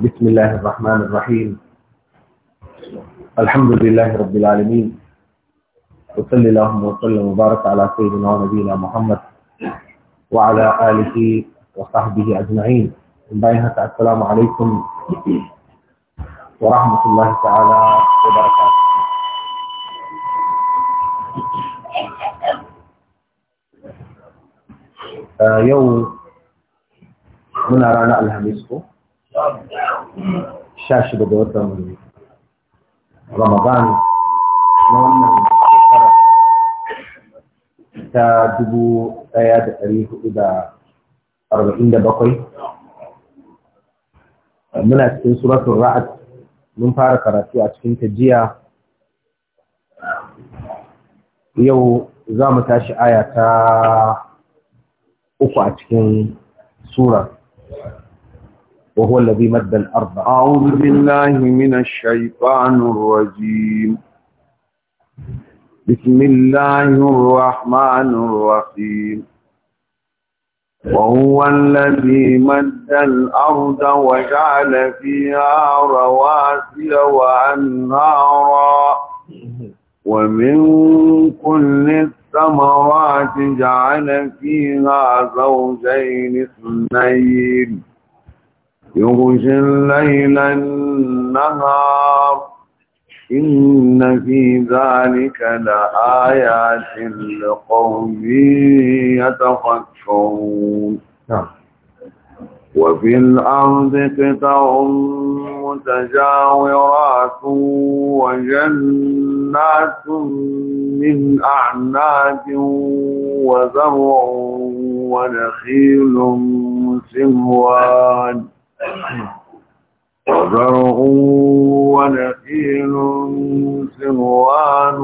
بسم الله الرحمن الرحيم الحمد لله رب العالمين وصلى اللهم وسلم وبارك على سيدنا ونبينا محمد وعلى آله وصحبه أجمعين السلام عليكم ورحمة الله تعالى وبركاته آه، يوم من رانا الهميسكو sha shida da watan ramadan na wannan shekarar ta dubu ɗaya da dari hudu da arba'in da bakwai muna cikin suratun ra'ad mun fara karatu a cikin tajiya yau za mu tashi aya ta uku a cikin sura وهو الذي مد الأرض أعوذ بالله من الشيطان الرجيم بسم الله الرحمن الرحيم وهو الذي مد الأرض وجعل فيها رواسي وأنهارا ومن كل الثمرات جعل فيها زوجين اثنين يغشي الليل النهار إن في ذلك لآيات لقوم يتفكرون نعم. وفي الأرض قطع متجاورات وجنات من أعناد وزرع ونخيل سموان وزرع ونخيل سنوان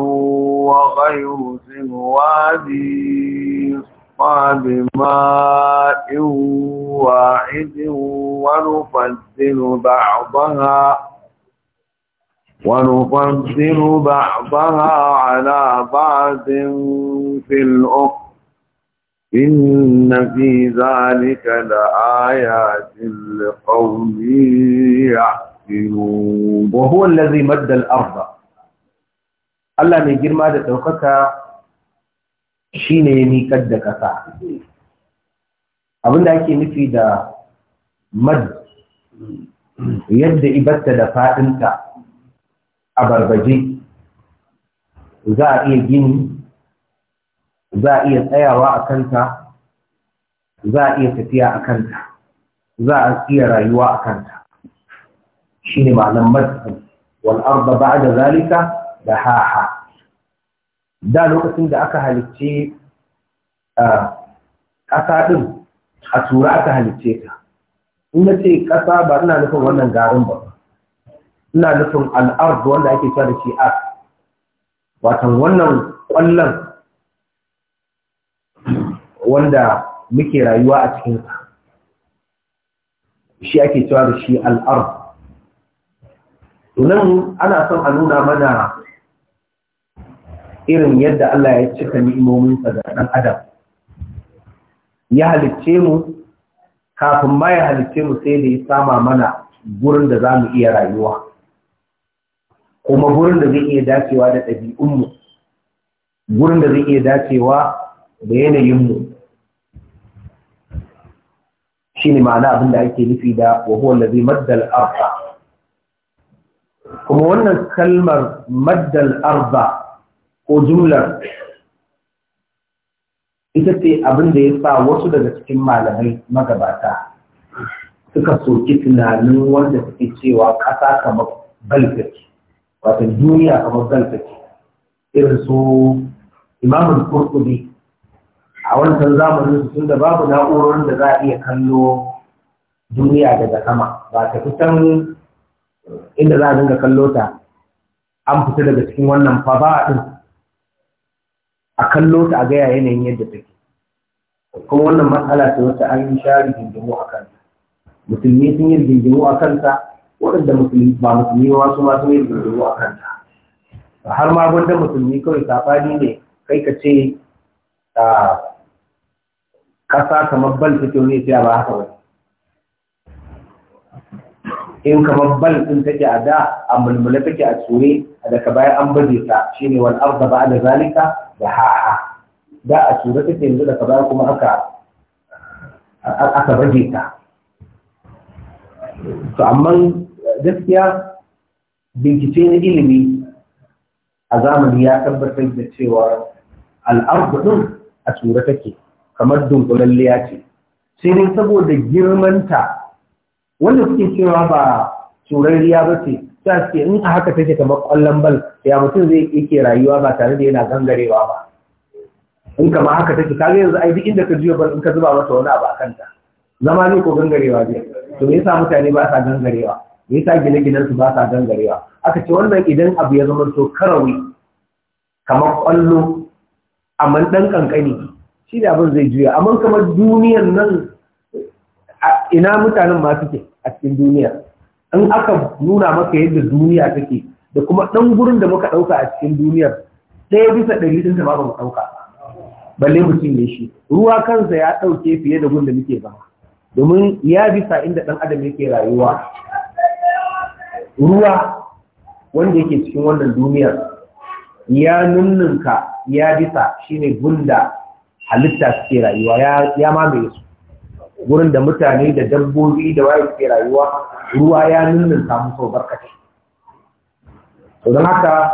وغير سنوان يسقى بماء واحد ونفضل بعضها ونفضل بعضها على بعض في الأخرى إن في ذلك لآيات لقوم يعقلون وهو الذي مد الأرض الله من جرما da ɗaukaka shine ya miƙar da ƙasa abinda ake nufi da mad yadda ibarta da faɗinta a barbaje za a iya gini za a iya tsayawa a kanta za a iya tafiya a kanta za a iya rayuwa a kanta shi ne ma'anar matsin wal'arba ba da zalika da haha da lokacin da aka halicce ƙasa ɗin a tura aka halicce ta Ina ce ƙasa ba ina nufin wannan garin ba ina nufin al'arba wanda ake cewa shi a watan wannan ƙwallon wanda muke rayuwa a cikinsa shi ake cewa da shi al'ar nan ana son a nuna mana irin yadda Allah ya cika sa ga ɗan adam ya halicce mu kafin ma ya halicce mu sai da ya sama mana gurin da za mu iya rayuwa kuma gurin da zai iya dacewa da ɗabi'unmu gurin da zai iya dacewa da yanayinmu shine ma'ana abin da ake nufi da wa huwa allazi maddal arda kuma wannan kalmar maddal arda ko jumlar ita ce abin da ya sa wasu daga cikin malamai magabata suka soki tunanin wanda suke cewa kasa kamar balfaki wato duniya kamar balfaki irin su imamun kurkudi a wancan zamanin su da babu na'urorin da za a iya kallo duniya daga sama ba ta fi can inda za a dinga kallo ta an fita daga cikin wannan fa din a kallo ta a gaya yanayin yadda take kuma wannan matsala ce wacce an yi shari rigingimu a kanta musulmi sun yi rigingimu a kanta waɗanda musulmi ba musulmi ba su ma sun yi rigingimu a kanta har ma gwanda musulmi kawai saɓani ne kai ka ce ah, ƙasa kamar bal take ne sai ba haka wani in kamar bal ɗin take a da a mulmula take a tsure daga baya an baje ta shine wal arda ba da zalika da ha'a da a tsore take yanzu daga baya kuma aka aka baje ta to amma gaskiya bincike na ilimi a zamani ya tabbatar da cewa al'ardu ɗin a tsure take kamar dunkulalliya ce sai dai saboda girmanta wanda suke cewa ba turariya ba ce ta suke in a haka take kamar kwallon bal ya mutum zai yake rayuwa ba tare da yana gangarewa ba in kama haka take ka ga yanzu ai duk inda ka jiyo bal in ka zuba mata wani abu a kanta zama ne ko gangarewa zai to me yasa mutane ba sa gangarewa me yasa gine-ginen su ba sa gangarewa aka ce wannan idan abu ya zama to karawi kamar kwallo amma dan kankani shi da abin zai juya amma kamar duniyan nan ina mutanen ma suke a cikin duniya in aka nuna maka yadda duniya take da kuma ɗan gurin da muka ɗauka a cikin duniyar ɗaya bisa ɗari ɗin ba mu ɗauka balle mutum ya shi ruwa kansa ya ɗauke fiye da gurin da muke ba domin ya bisa inda ɗan adam yake rayuwa ruwa wanda yake cikin wannan duniyar ya nunnunka ya bisa shine gunda halitta suke rayuwa ya mamaye su wurin da mutane da dabbobi da waye suke rayuwa ruwa ya nuna samu sau barkatai to don haka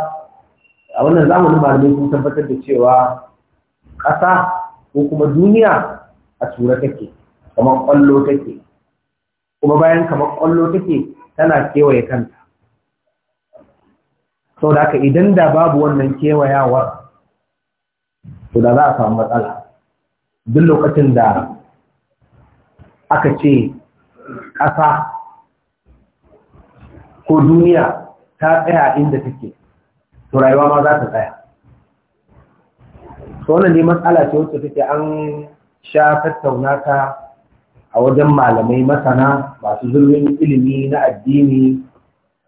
a wannan zamanin malamai sun tabbatar da cewa ƙasa ko kuma duniya a tura take kamar ƙwallo take kuma bayan kamar ƙwallo take tana kewaye kanta sau da haka idan da babu wannan kewayawar to da za a samu matsala duk lokacin da aka ce ƙasa ko duniya ta tsaya inda take to rayuwa ma za ta tsaya to wannan ne matsala ce wacce take an sha tattauna ta a wajen malamai masana masu zurfin ilimi na addini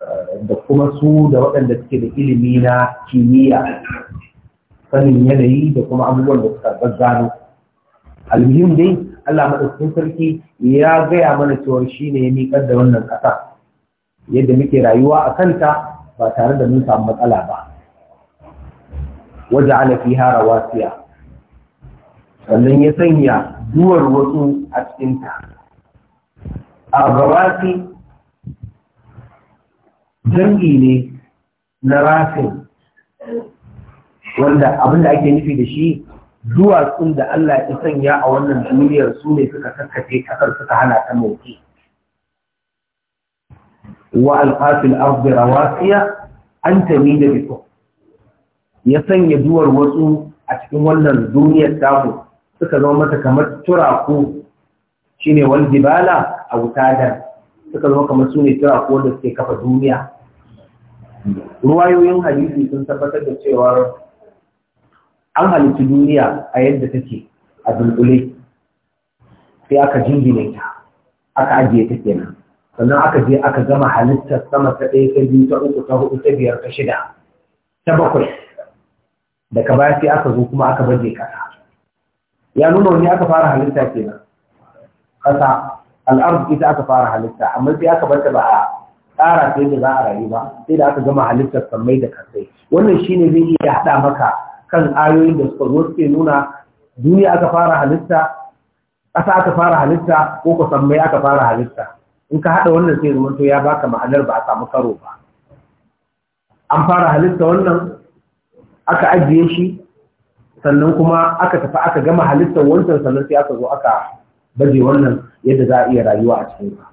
eh, da kuma su da waɗanda suke da ilimi na kimiyya sanin yanayi da kuma abubuwan da suka gano almuhim dai Allah madaukakin sarki ya gaya mana cewa ne ya miƙar da wannan ƙasa yadda muke rayuwa a kanta ba tare da mun samu matsala ba fi hara wasiya sannan ya sanya duwar wasu a cikinta. A gabasi, jam'i ne na rafin wanda abin da ake nufi da shi duwatsun da Allah ya sanya a wannan duniyar su ne suka kakkafe kasar suka hana ta motsi wa alfafin Afgira rawasiya an da biko. ya sanya duwar wasu a cikin wannan duniyar tamu suka zama mata kamar turaku ne wani dibala a wutadar suka zama kamar su ne turaku wanda suke kafa duniya ruwayoyin hadisi sun tabbatar da cewa an halitta duniya a yadda take a dunkule sai aka jingine ta aka ajiye ta kenan sannan aka je aka gama halittar sama ta ɗaya ta biyu ta uku ta hudu ta biyar ta shida ta bakwai daga baya sai aka zo kuma aka baje kasa ya nuna wani aka fara halitta kenan kasa al'arz ita aka fara halitta amma sai aka barta ba a tsara sai da za a rayu ba sai da aka gama halittar sammai da kasai wannan shine zai iya hada maka kan ayoyin da suka zo suke nuna duniya aka fara halitta ƙasa aka fara halitta ko ku mai aka fara halitta in ka haɗa wannan sai zumunto ya baka ma'anar ba a samu karo ba an fara halitta wannan aka ajiye shi sannan kuma aka tafi aka gama halittar wancan sannan sai aka zo aka baje wannan yadda za a iya rayuwa a cikin ba.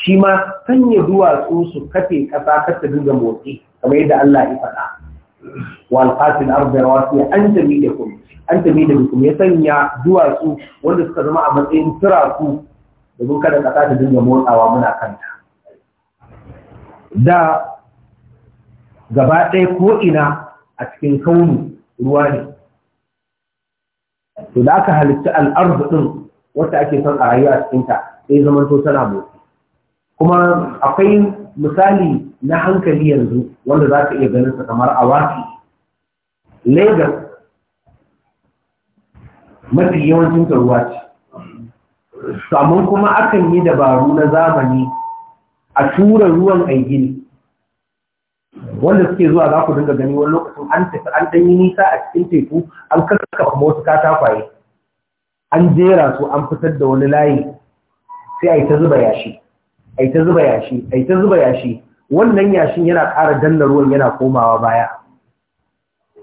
shi ma sanya duwatsu su kafe ƙasa kar dinga motsi kamar yadda Allah ya faɗa walƙatin arzikin wasu an tami da kuma an tami da kuma ya sanya duwatsu wanda suka zama a matsayin turaku domin kada ƙasa ta dinga motsawa muna kanta da gaba ɗaya ko'ina a cikin kauni ruwa ne to da aka halitta al'arzikin wata ake son a rayuwa cikinta sai zama to tana motsi kuma akwai misali na hankali yanzu wanda za ka iya ganin sa kamar awaki lagos mafi yawancin ruwa ce samun kuma akan yi dabaru na zamani a tura ruwan aigini wanda suke zuwa za ku dinga gani wani lokacin an tafi an ɗanyi nisa a cikin teku an kakkafa wasu katakwaye an jera su an fitar da wani layi sai a yi ta zuba yashi a yi ta zuba yashi a yi ta zuba yashi wannan yashin yana ƙara danna ruwan yana komawa baya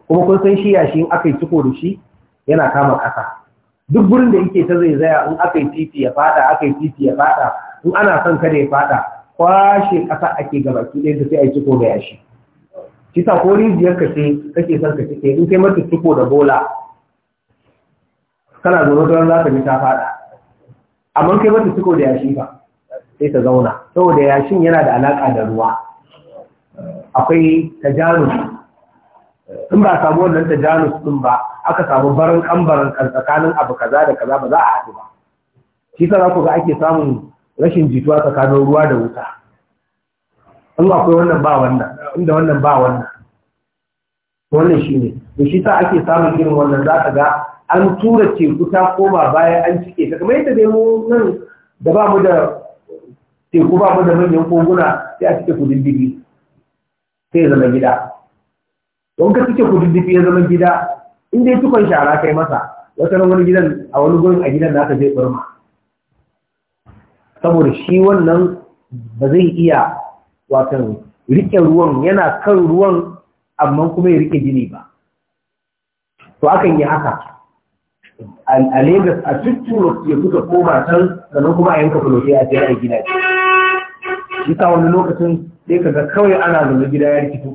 kuma kun san shi yashin aka yi ciko da shi yana kama ƙasa duk gurin da yake ta zaizaya in aka yi titi ya fada aka yi titi ya fada in ana son kada ya fada kwashe ƙasa ake gaba ki ɗaya da sai a yi ciko da yashi shi ta ko rijiyar ka ce kake son ka cike in kai mata ciko da bola kana da don za ka bi ta fada amma kai mata ciko da yashi ba sai ta zauna saboda yashin yana da alaƙa da ruwa akwai tajanus in ba samu wannan tajanus din ba aka samu baran kambaran tsakanin abu kaza da kaza ba za a haɗu ba shi sa za ku ga ake samun rashin jituwa tsakanin ruwa da wuta in akwai wannan ba wannan inda wannan ba wannan wannan shi ne da shi sa ake samun irin wannan za ka ga an tura teku ta koma bayan an cike ta kamar yadda dai mu nan da ba mu da sai ku ba mu da manyan koguna sai a cike ku sai zama gida don ka cike ku ya zama gida in dai tukon shara kai masa wata nan wani gidan a wani gurin a gidan naka zai burma saboda shi wannan ba zai iya watan rike ruwan yana kan ruwan amma kuma ya rike jini ba to akan yi haka a Legas a cikin ya kuka koma can sannan kuma a yanka fulote a jihar a gidaje yasa wani lokacin sai ga kawai ana zama gida ya rikito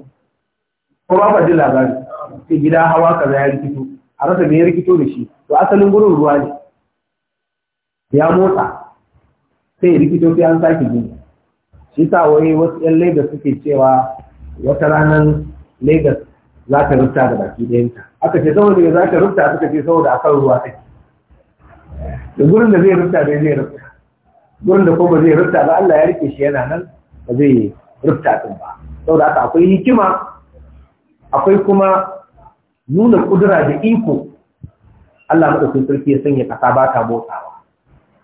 ko ba ba ji labari sai gida hawa kaza ya rikito a rasa mai rikito da shi to asalin gurin ruwa ne ya motsa sai rikito sai an sake gini shi sa wai wasu 'yan Legas suke cewa wata ranar Legas za ta rufta da baki ɗayanta aka ce saboda za ta rufta suka ce saboda akan ruwa take da gurin da zai rufta dai zai rufta gurin da kuma zai rufta ba Allah ya rike shi yana nan ba zai rufta din ba saboda haka akwai hikima akwai kuma nuna kudura da iko Allah madaukakin sarki ya sanya kasa ba ta motsawa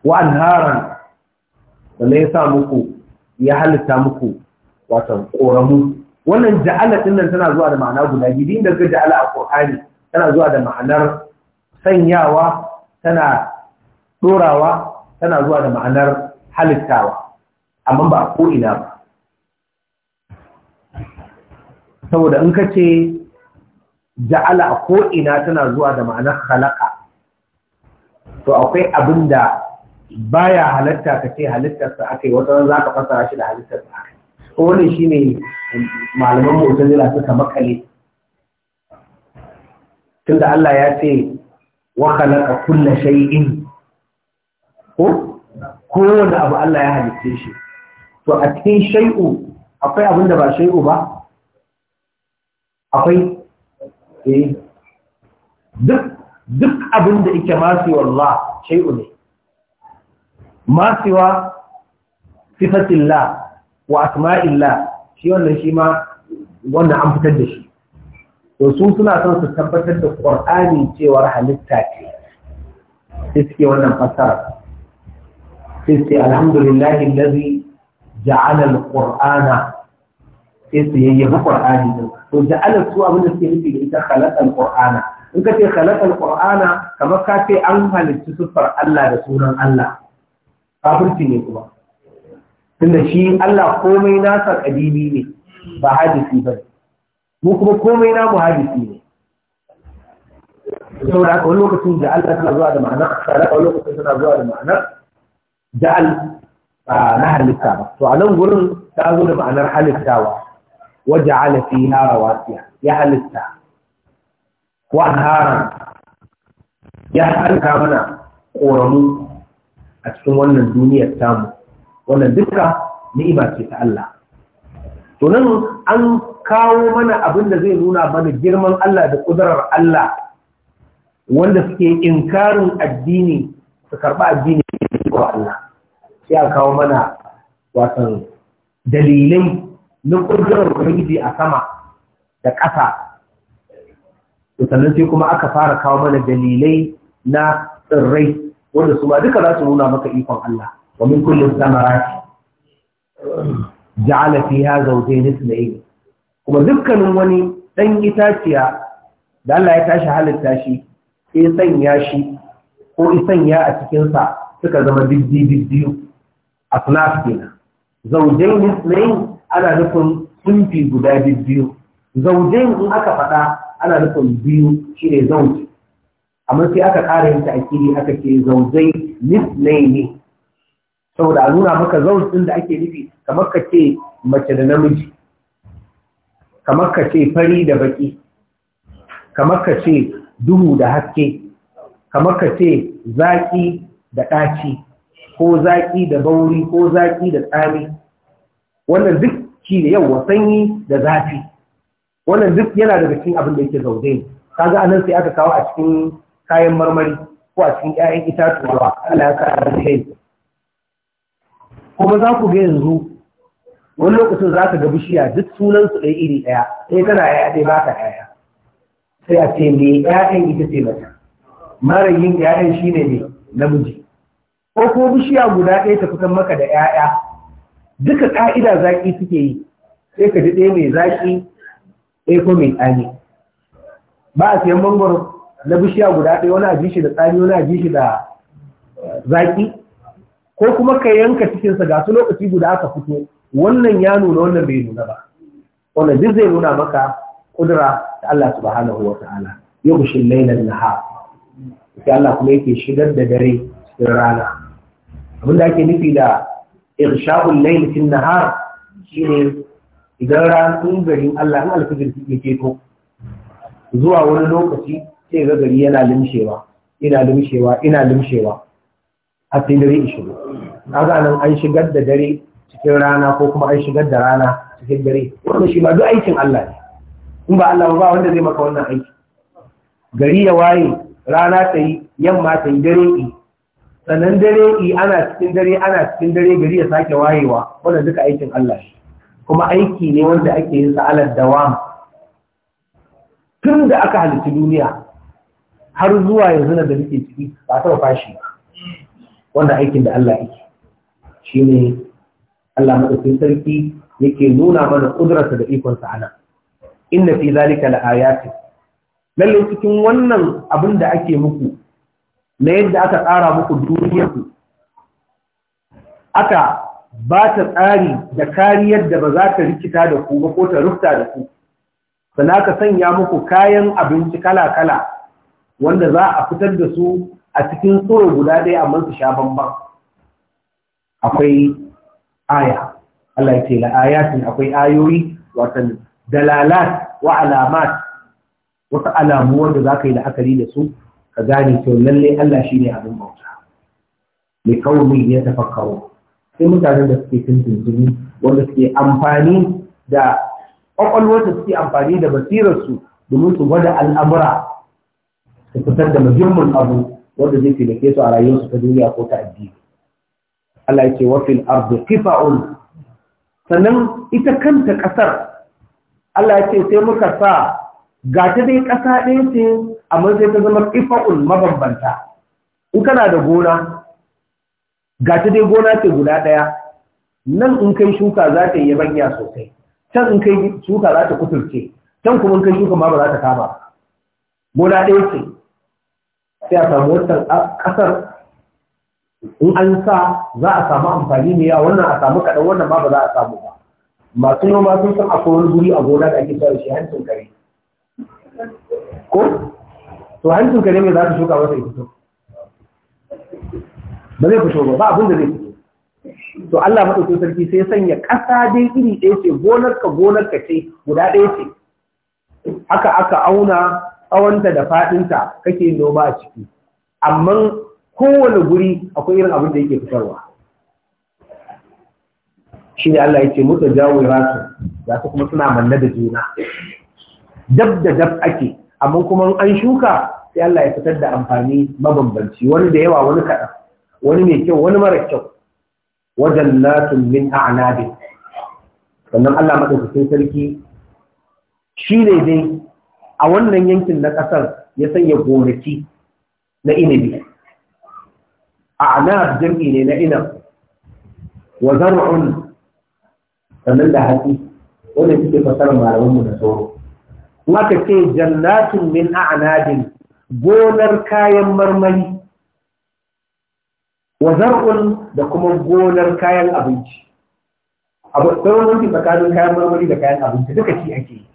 wa anharan na ya sa muku ya halitta muku wato ƙoramu. wannan ja'ala din nan tana zuwa da ma'ana guda biyu da ga ja'ala a Qur'ani tana zuwa da ma'anar sanyawa tana dorawa tana zuwa da ma'anar halittawa amma ba a ko'ina ba saboda in ka ce ja'ala a ko'ina tana zuwa da ma'anar halaka to akwai abin da baya halatta ka ce halittarsa aka yi wata za ka fasara shi da halittarsa aka yi ko wani shi ne malaman mu'tazila suka makale tunda Allah ya ce wa ka kulla shay'in ko kowane abu Allah ya halitta shi to a cikin shay'u akwai abin da ba shay'u ba akwai eh duk duk abin da yake masiwa Allah shay'u ne masiwa sifatillah wa asma'illah shi wannan shi ma wannan an fitar da shi to su suna son su tabbatar da Qur'ani cewa halitta ce sai suke wannan fasara sai sai alhamdulillahi lazi ja'ala alqur'ana sai sai yayyabi qur'ani din to ja'ala su abin da suke nufi da ita khalaqa alqur'ana in ka ce khalaqa alqur'ana kamar ka ce an halicci sufar Allah da sunan Allah kafirci ne kuma tunda shi Allah komai nasa kadimi ne ba hadisi ba mu kuma komai na namu hadisi ne saboda haka wani lokacin da Allah tana zuwa da ma'anar sarrafa wani lokacin tana zuwa da ma'anar ba na halitta ba to a nan gurin ta zo da ma'anar halittawa waje alafi hara wasiya ya halitta wa hara ya halitta mana ƙoramu a cikin wannan duniyar tamu wannan duka ni'ima ce ta Allah to nan an kawo mana abin da zai nuna mana girman Allah da kudurar Allah wanda suke inkarin addini su karɓi addini ya kawo mana watan dalilin na ƙudurar ubangiji a sama da ƙasa to sannan sai kuma aka fara kawo mana dalilai na tsirrai wanda su ba duka za su nuna maka ikon Allah wa min kullin samarati ja'ala fiha ni ithnayn kuma dukkanin wani dan itaciya da Allah ya tashi halitta shi sai sanya shi ko sanya a cikin sa suka zama bibbi bibbiyu asnaf kenan zaujai nisnain ana nufin sunfi guda biyu zaujai in aka faɗa ana nufin biyu ne zauji amma sai aka ƙara yin ta'akiri aka ce zaujai ne saboda a nuna maka zauj din da ake nufi kamar ka ce mace da namiji kamar ka ce fari da baki kamar ka ce duhu da haske kamar ka ce zaki da ɗaci ko zaƙi da bauri ko zaƙi da tsami wannan duk shi ne yawa sanyi da zafi wannan duk yana daga cikin abin da yake zaune kaga nan sai aka kawo a cikin kayan marmari ko a cikin 'ya'yan itatuwa Allah ya kara da kai kuma za ku ga yanzu wani lokacin za ka ga bishiya duk sunan su ɗaya iri ɗaya sai kana yaya dai ba yaya sai a ce me ƴaƴan ita ce mata mara ƴaƴan shine ne namiji ko ko bishiya guda ɗaya ta fitan maka da 'ya'ya duka ƙa'ida zaƙi suke yi sai ka ji ɗaya mai zaƙi ɗaya ko mai tsani ba a siyan mangoro na bishiya guda ɗaya wani a shi da tsani wani a shi da eh, zaƙi ko kuma ka yanka cikinsa ga su lokaci guda aka fito wannan ya nuna wannan bai nuna ba wannan duk zai nuna maka kudura da Allah subhanahu wa ta'ala yau shi lailan nahar sai Allah kuma yake shigar da dare cikin rana abin da ake nufi da irsha'ul layl fil nahar ne idan ranun garin Allah in alfajir ke keto zuwa wani lokaci sai ga gari yana limshewa ina limshewa ina limshewa a cikin dare ishiru kaga nan an shigar da dare cikin rana ko kuma an shigar da rana cikin dare wannan shi ma duk aikin Allah ne in ba Allah ba wanda zai maka wannan aiki gari ya waye rana ta yi yamma ta yi dare sannan dare yi ana cikin dare ana cikin dare gari ya sake wayewa wannan duka aikin Allah shi kuma aiki ne wanda ake yin sa alal dawam tun da aka halitta duniya har zuwa yanzu na da muke ciki ba ta fashi wannan aikin da Allah yake shine Allah madaukakin sarki yake nuna mana kudurarsa da ikon sa ana inna fi zalika ayati lalle cikin wannan abin da ake muku na yadda aka tsara muku duniyarku aka ba ta tsari da kariyar da ba za ta rikita da ku ba ko ta rufta da ku sannan aka sanya muku kayan abinci kala-kala wanda za a fitar da su a cikin tsoro guda ɗaya a su sha bambam akwai aya Allah ce la ayatin akwai ayoyi watan dalalat wa alamat wasu alamu wanda za ka yi la'akari da su ka gane to lalle Allah shi ne abin bauta mai li ya yatafakkaru sai mutanen da suke tuntuntuni wanda suke amfani da ƙwaƙwalwar da suke amfani da basirarsu domin su gwada al'amura su fitar da muhimmin abu wanda zai taimake su a rayuwarsu ta duniya ko ta addini Allah ya ce wa fil ardi sannan ita kanta ƙasar Allah ya ce sai muka sa ga ta dai ƙasa ɗaya ce amma sai ta zama ifa'un mabambanta in kana da gona ga ta dai gona ce guda ɗaya nan in kai shuka za ta yi yabanya sosai can in kai shuka za ta kuturce can kuma in kai shuka ma ba za ta kama gona ɗaya ce sai a samu wancan ƙasar in an sa za a samu amfani mai yawa wannan a samu kaɗan wannan ma ba za a samu ba masu noma sun san akwai wani guri a gona da ake sa shi hancin kare ko to hancin kare mai za ka shuka masa ya ba zai fito ba ba abin da zai fito to Allah madaukakin sarki sai sanya ƙasa dai iri ɗaya ce gonar ka gonar ka ce guda ɗaya ce haka aka auna tsawonta da faɗinta kake noma a ciki amma kowane guri akwai irin abin da yake fitarwa shi ne Allah ya ce mutu jawo ya rasu za su kuma suna manna da juna dab da dab ake amma kuma an shuka sai Allah ya fitar da amfani mabambanci wani da yawa wani kaɗan wani mai kyau wani mara kyau wajen natun min a'nabin sannan Allah madaukakin sarki shi ne dai a wannan yankin na ƙasar ya sanya gonaki na inabi a'nab jam'i ne na inab wa zar'un sannan da hatsi wannan suke fasarar malamanmu da sauro kuma ka ce jannatin min a'nabin gonar kayan marmari wa zar'un da kuma gonar kayan abinci abu tsawon wani tsakanin kayan marmari da kayan abinci duka ci ake yi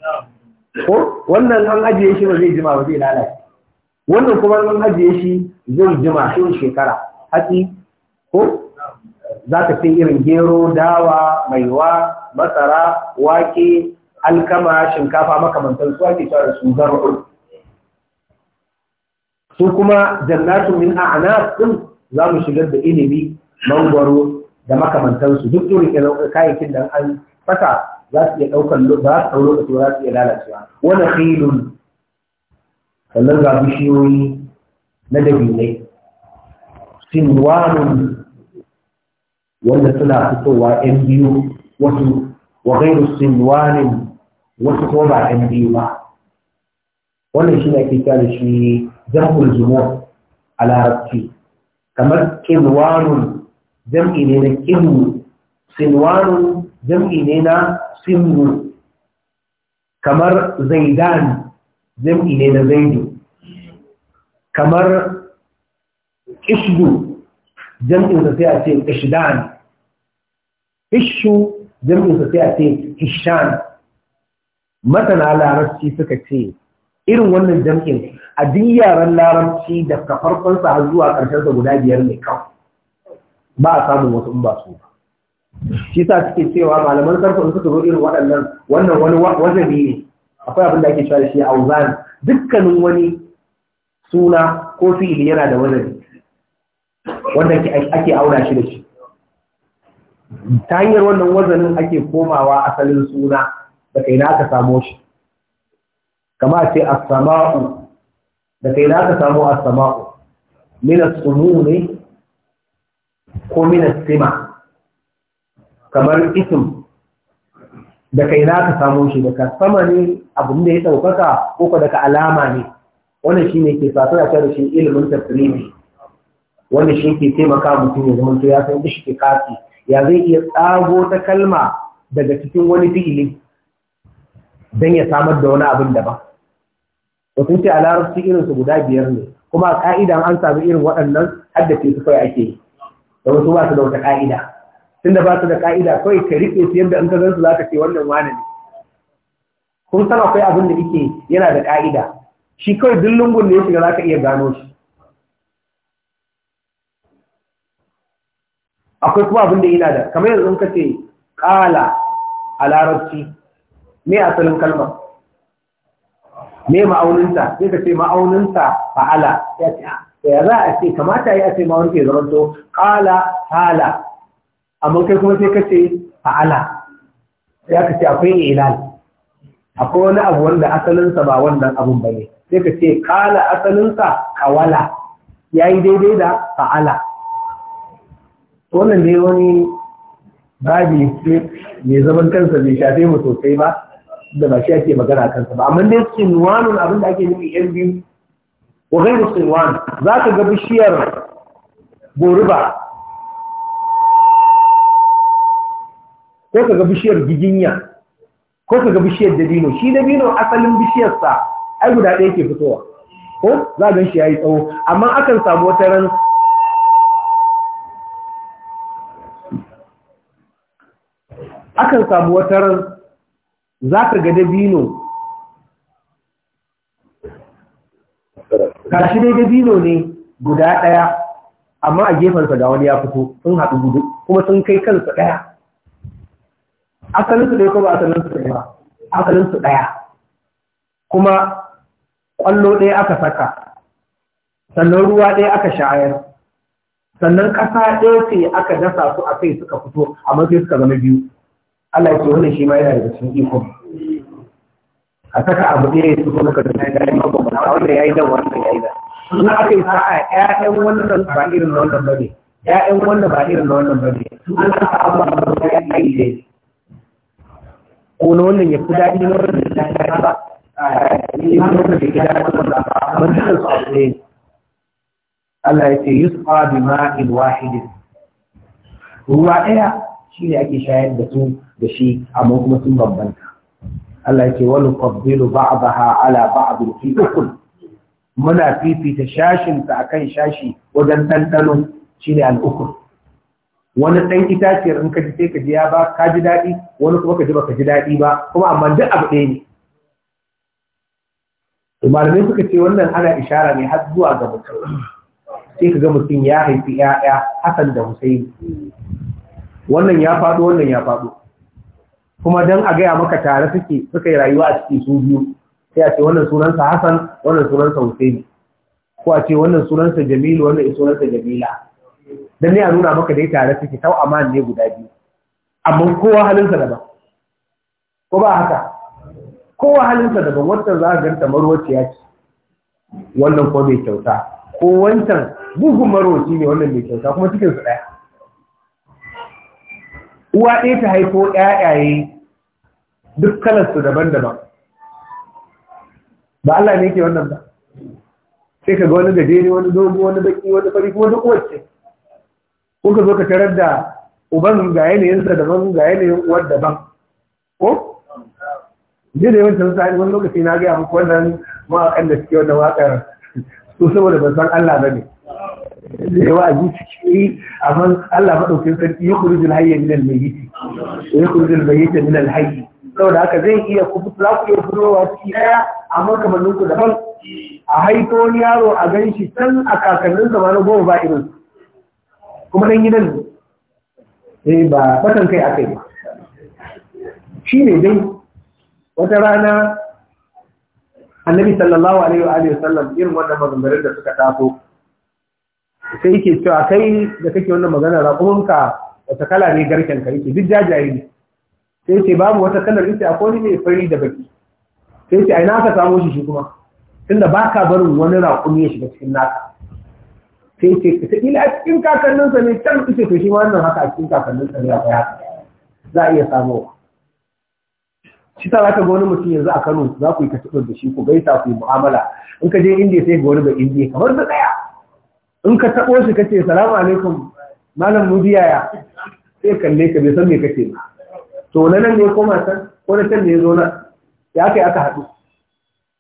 ko wannan an ajiye shi ba zai jima ba zai lalace wannan kuma an ajiye shi zai jima shi shekara hatsi ko za ka sai irin gero dawa maiwa masara wake alkama shinkafa makamantar su ake cewa da su zar'un su kuma jannatu min a'anab din za mu shigar da ilimi mangwaro da makamantansu duk irin kayayyakin da an fata za su iya ɗaukar ba su lokaci da za su iya lalacewa wani filin sannan ga bishiyoyi na dabinai sinwanun wanda suna fitowa yan biyu wasu wa gairu sinwanin wasu ko ba yan biyu ba wannan shi ne ake kyale shi jam'ul jumu'a a larabci kamar kinwanun jam'i ne na Kinu. sinwanun jam'i ne na sinmu kamar zaidan jam'i ne na zaidu kamar ishdu jam'insa sai a ce ishdan jam'in jam'insa sai a ce ishan masana larabci suka ce irin wannan jam'in a duk yaran larabci da kafarfansa har zuwa karshen sa guda biyar ne kawai ba a samun wasu ba su shi sa suke cewa malaman sarfa in suka zo irin waɗannan wannan wani wazani ne akwai abin da ake cewa shi a wuzan dukkanin wani suna ko fi'ili yana da wazani wanda ake auna shi da shi ta hanyar wannan wazanin ake komawa asalin suna da kai na aka samo shi kama ce as-sama'u da kai na ka samu as-sama'u min as-sumu ne ko min as-sima kamar ism da kai na ka samu shi daga sama ne abin da ya ɗaukaka ko ko daga alama ne wannan shi ne ke fasara da da shi ilimin tafsiri wannan shi ke taimaka mutum ya zama ya san ishi ke kafi ya zai iya tsago ta kalma daga cikin wani fi'ili don ya samar da wani abin daban da kun a larabci irin guda biyar ne kuma a ka'ida an sami irin waɗannan haddace su kawai ake yi da wasu ba su da wata ka'ida tunda ba su da ka'ida kawai ka riƙe su yadda in ka zan su za ka ce wannan wani ne kun san akwai abin da yake yana da ka'ida shi kawai duk lungun ne shiga za ka iya gano shi akwai kuma abin da yana da kamar yanzu ka ce ƙala a larabci me asalin kalmar me ma'auninsa sai ka ce ma'auninsa fa'ala ya ce ah, ya za a ce kamata ya ce ma'aunin ke to ƙala hala amma kai kuma sai ka ce fa'ala ya ka ce akwai ilal akwai wani abu wanda asalinsa ba wannan abun ba ne sai ka ce ƙala asalinsa kawala ya yi daidai da fa'ala wannan dai wani babi mai zaman kansa bai shafe mu sosai ba da ba shi ake magana kansa ba amma dai sinwanun abin da ake nufi yan biyu wa gairu sinwan za ka ga bishiyar goruba ko ka ga bishiyar giginya ko ka ga bishiyar dabino shi dabino asalin bishiyarsa ai guda ɗaya ke fitowa ko za a gan shi ya yi tsawo amma akan samu wata ran akan samu wata ran za ka ga dabino shi dai dabino ne guda ɗaya amma a gefensa ga wani ya fito sun haɗu gudu kuma sun kai kansu ɗaya asalinsu ɗaya ko ba asalinsu ɗaya ba asalinsu ɗaya kuma ƙwallo ɗaya aka saka sannan ruwa ɗaya aka shayar sannan ƙasa ɗaya ce aka dasa su a kai suka fito amma sai suka zama biyu Allah ya ce wannan shi ma yana da cikin iko a saka abu ɗaya su kuma ka tuna da ma ba ba wanda yayi da wannan yayi da in aka yi sa'a ya'yan wannan ba irin wannan bane ya'yan wannan ba irin wannan bane su an saka abu ba yayi da ko na wannan ya fi daɗi na wannan da ya ba Allah ya ce yusfa bi ma'in wahidin ruwa ɗaya shi ne ake shayar da su da shi amma kuma sun bambanta Allah yake wani fadilu ba'daha ala ba'd fi ukun. muna fifita shashin ta akan shashi wajen ɗanɗano shine al-ukul wani dan itaciyar in ka ji sai ka ji ya ba ka ji dadi wani kuma ka ji baka ji dadi ba kuma amma duk abu ɗaya ne malamai suka ce wannan ana ishara ne har zuwa ga mutum sai ka ga mutum ya haifi 'ya'ya Hassan da Hussein wannan ya faɗo wannan ya faɗo kuma dan a gaya maka tare suke suka yi rayuwa a cikin su biyu sai a ce wannan sunansa Hassan wannan sunansa Hussein ko a ce wannan sunansa Jamilu wannan sunansa Jamila dan ne a nuna maka dai tare suke tau aman ne guda biyu amma kowa halinsa daban ko ba haka kowa halinsa daban wannan za ka ganta ya ce wannan ko mai kyauta ko wancan bugun marwaci ne wannan mai kyauta kuma cikin su daya uwa ɗaya ta haifo ƴaƴaye duk kalarsu daban-daban ba Allah ne ke wannan ba sai ka ga wani ne wani dogo wani baki wani fari ko wani kowace ko ka zo ka tarar da uban ga yanayinsa daban ga yanayin uwar daban ko ne da yawancin sa'ani wani lokaci na gaya muku wannan mawaƙan da suke wannan waƙar su saboda ban san Allah ba ne da yawa a ciki amma Allah madaukakin sarki ya kuri jil hayyar minal mai mayyit ya kuri jil mayyit min al-hayy saboda haka zai iya ku za ku iya furowa ciki daya amma kamannin ku daban a haito wani yaro a gan shi can a kakannin sa ma na goma ba irin kuma nan gidan eh ba fatan kai akai ba shi ne dai wata rana annabi sallallahu alaihi wa alihi wasallam irin wannan maganganun da suka taso sai yake cewa kai da kake wannan magana raƙumunka wata kala ne garken ka yake duk jajaye ne sai yake babu wata kalar ita a kone mai fari da baki sai yake a ina ka samu shi shi kuma tunda ba ka barin wani raƙumi ya shiga cikin naka sai yake ta ila a cikin kakanninsa ne can ita to shi wannan haka a cikin kakanninsa ne a haka za a iya samowa shi ta za ka ga wani mutum yanzu a Kano za ku yi ka da shi ku gaisa ku yi mu'amala in ka je Indiya sai ga wani ba Indiya kamar da ɗaya in ka taɓo shi kace salamu alaikum malam mudiya ya sai kalle ka bai san me kace ba to na nan ne ko san ko na can ne ya zo na ya kai aka haɗu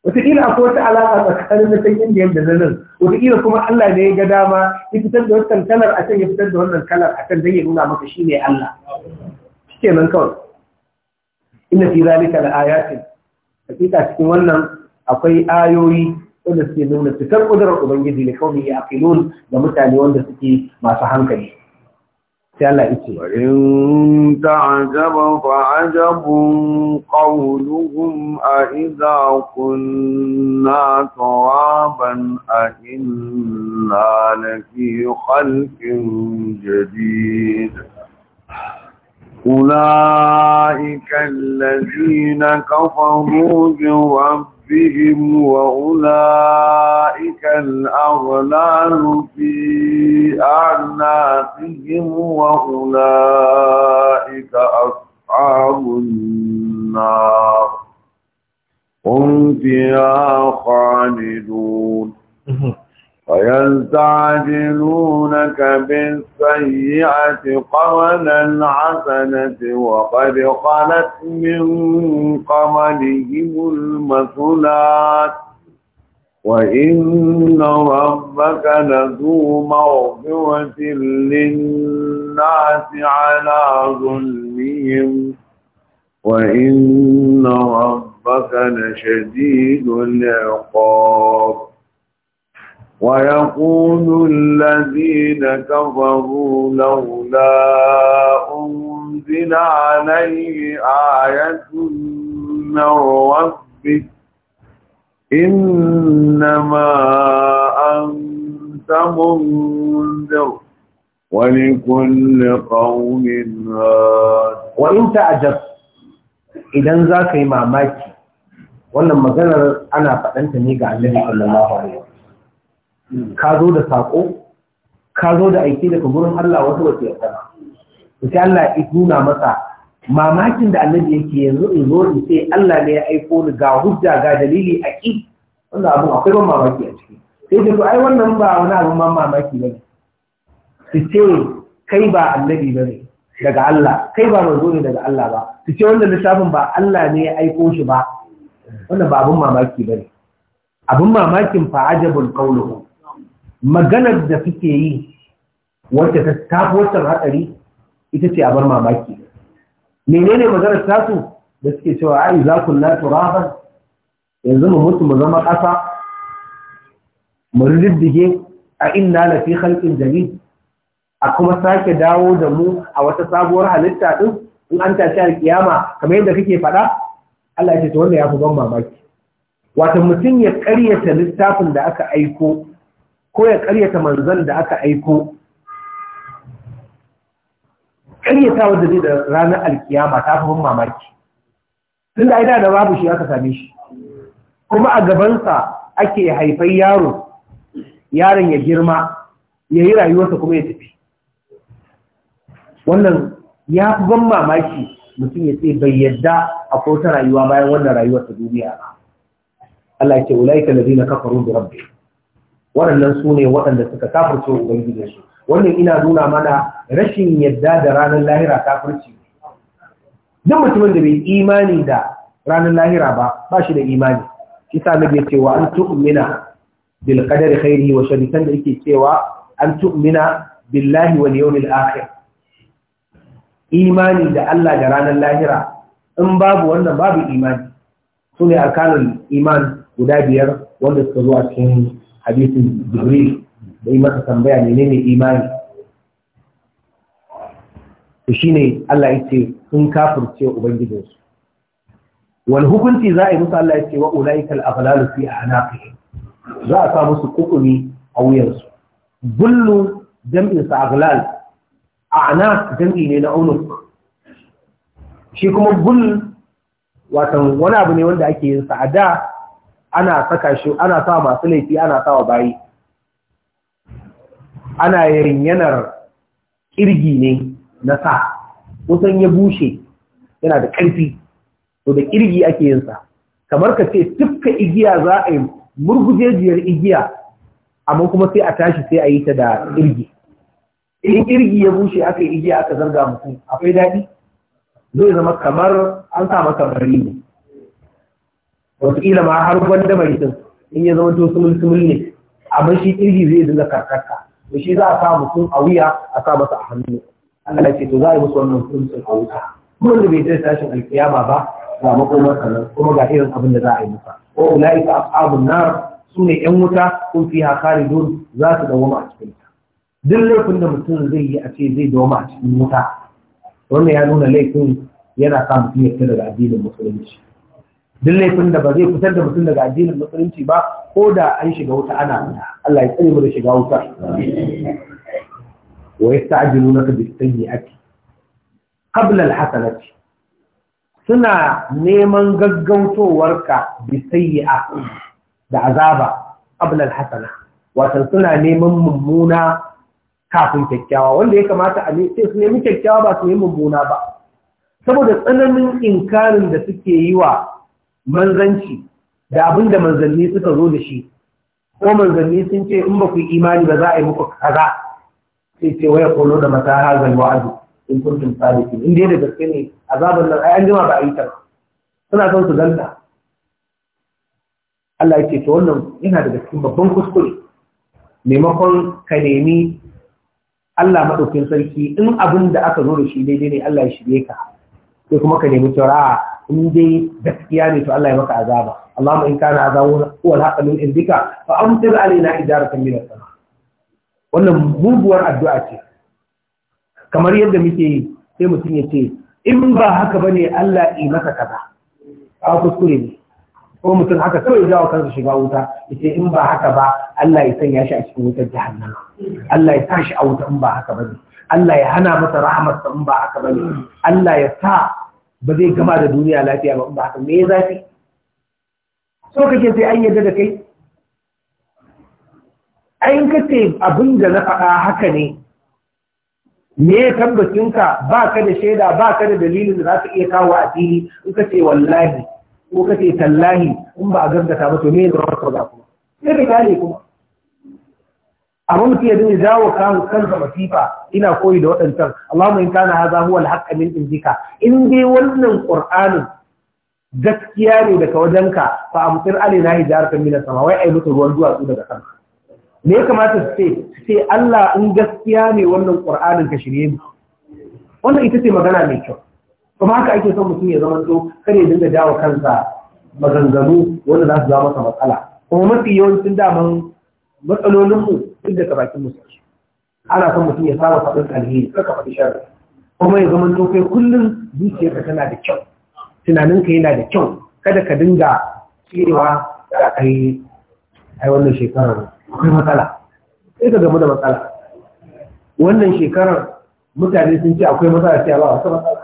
wataƙila akwai wata alaƙa tsakanin na san inda yanda na nan wataƙila kuma Allah ne ya ga dama ya fitar da wannan kalar a can ya fitar da wannan kalar a can dan ya nuna maka shi ne Allah shi nan kawai inna fi zalika la ayatin hakika cikin wannan akwai ayoyi wanda suke nuna fitar ƙudurar ubangiji ne kawai ya aqilun da mutane wanda suke masu hankali sai Allah ya ce ta ta'ajaba fa ajabun qawluhum a idza kunna turaban a inna lafi halkin jadid أولئك الذين كفروا بربهم وأولئك الأغلال في أعناقهم وأولئك أصحاب النار هم فيها خالدون ويستعجلونك بالسيئة قبل الحسنة وقد خلت من قبلهم المثلات وإن ربك لذو مغفرة للناس على ظلمهم وإن ربك لشديد العقاب ويقول الذين كفروا لولا أنزل عليه آية من ربه إنما أنت منذر ولكل قوم هاد وإن تعجب إذا ذاك إمامك wannan maganar ana faɗanta ne ga annabi sallallahu alaihi ka zo da saƙo ka zo da aiki daga gurin Allah wata wata ya sana sai Allah ya nuna masa mamakin da annabi yake yanzu in zo in sai Allah ne ya aiko ni ga hujja ga dalili a ƙi wanda abin akwai ban mamaki a ciki sai da ai wannan ba wani abin ban mamaki ba ne su ce kai ba annabi ba ne daga Allah kai ba manzo ne daga Allah ba su ce wanda lissafin ba Allah ne ya aiko shi ba wannan ba abin mamaki ba ne abin mamakin fa ajabul qawluhu maganar da suke yi wacce ta tafi wacce hatsari ita ce a bar mamaki menene maganar tasu da suke cewa a za ku na turaban yanzu mu mutu mu zama ƙasa mu riddige a inna la fi khalqin jadid a kuma sake dawo da mu a wata sabuwar halitta ɗin, in an tashi alkiyama kamar yadda kake faɗa Allah ya ce to wanda ya fi ban mamaki wato mutum ya ƙaryata littafin da aka aiko ko ya karyata manzan da aka aiko karyata wanda zai da ranar alkiyama ta fi mamaki tun da aida da babu shi aka same shi kuma a gabansa ake haifai yaro yaron ya girma ya yi rayuwarsa kuma ya tafi wannan ya fi ban mamaki mutum ya ce bai yadda a kota rayuwa bayan wannan rayuwarsa duniya Allah ya ce ulaika ladina kafaru bi rabbi. waɗannan su ne waɗanda suka kafirce ubangijinsu wannan ina nuna mana rashin yadda da ranar lahira kafirci duk mutumin da bai imani da ranar lahira ba ba shi da imani Kisa na nabi cewa an tu'mina bil qadari khairihi wa sharrihi da yake cewa an tu'mina billahi wal yawmil akhir imani da Allah da ranar lahira in babu wannan babu imani sune arkanul iman guda biyar wanda suka zo a cikin hadisin jibril da yi masa tambaya menene imani to shine Allah yace sun kafirce ubangijinsu wal hukunci za a yi musu Allah yace wa ulaika al aghlalu fi anaqihim za a sa musu kukumi a wuyansu bullu jam'in sa aghlal a'naq jam'i ne na unuk shi kuma bull wasan wani abu ne wanda ake yin sa a da ana saka shi ana sa masu laifi ana sa wa bayi ana yarinyanar kirgi ne na sa kusan ya bushe yana da ƙarfi to da kirgi ake yin sa kamar ka ce tukka igiya za a yi murgujejiyar igiya amma kuma sai a tashi sai a yi ta da kirgi in kirgi ya bushe aka yi igiya aka zarga mutum akwai daɗi zai zama kamar an sa maka bari ne wataƙila ma har gwanda mai din in ya zama to sumul sumul ne shi kirji zai dinga karkarka da shi za a sa mutum a wuya a sa masa a hannu Allah ya ce to za a yi musu wannan hukuncin a wuta da bai tare tashin alkiyama ba ga makomar nan, kuma ga irin abin da za a yi masa wa ulaika ashabun nar ne yan wuta kun fi fiha don za su dawoma a cikin ta duk laifin da mutum zai yi a ce zai dawoma a cikin wuta wannan ya nuna laifin yana sa mutum ya fita daga addinin musulunci duk laifin da ba zai fitar da mutum daga addinin musulunci ba ko da an shiga wuta ana Allah ya tsare mu da shiga wuta wa naka bi sayyiati qabla al-hasanati suna neman gaggautowarka bisayya da azaba qabla al-hasana wato suna neman mummuna kafin kyakkyawa wanda ya kamata a sai su nemi kyakkyawa ba su nemi mummuna ba saboda tsananin inkarin da suke yi wa manzanci da abin da manzanni suka zo da shi ko manzanni sun ce in ba ku imani ba za a yi muku kaza sai ce waya kolo da mata hazan wa'adu in kuntum sadiqin in dai da gaske ne azaban nan ai an jima ba a yi ta suna son su zanta Allah ya ce to wannan yana da gaske. babban kuskure maimakon ka nemi Allah maɗaukin sarki in abin da aka zo da shi daidai ne Allah ya shirye ka sai kuma ka nemi cewa in dai gaskiya ne to Allah ya maka azaba Allahumma in kana azabu huwa al-haqqu min indika fa amtir alaina ijaratan min as-sama wannan muguwar addu'a ce kamar yadda muke yi sai mutum ya ce in ba haka bane Allah yi maka kaza a kuskure ne ko mutum haka kawai jawo kansa shiga wuta yace in ba haka ba Allah ya sanya shi a cikin wutar jahannama Allah ya sa shi a wuta in ba haka bane Allah ya hana masa rahmarsa in ba haka bane Allah ya sa ba zai gama da duniya lafiya ba ba haka me zafi so kake sai an yarda da kai ayin kace abin da na faɗa haka ne me ya ka ba ka da shaida ba ka da dalilin da za ka iya kawo a fili in ka ce wallahi ko ka ce tallahi in ba a gargata ba to me ya zama ka ba kuma sai ka gane kuma a mutum ya dawo jawo kansa masifa ina koyi da waɗancan allah in kana hadha huwa al min indika in dai wannan qur'anin gaskiya ne daga wajenka fa amtir alaina hijaratan min as-sama wai yi mutu ruwan su daga sama me ya kamata su ce Allah in gaskiya ne wannan qur'anin ka shirye mu wannan ita ce magana mai kyau kuma haka ake son mutum ya zama to ya dinga jawo kansa maganganu wanda za su zama masa matsala kuma mafi yawancin daman matsalolinmu duk daga bakin musulunci ana son mutum ya saba faɗin alheri ka faɗi sharri kuma ya zama to kai kullum ka tana da kyau ka yana da kyau kada ka dinga cewa da kai ai wannan shekarar akwai matsala sai ka gamu da matsala wannan shekarar mutane sun ce akwai matsala sai Allah wata matsala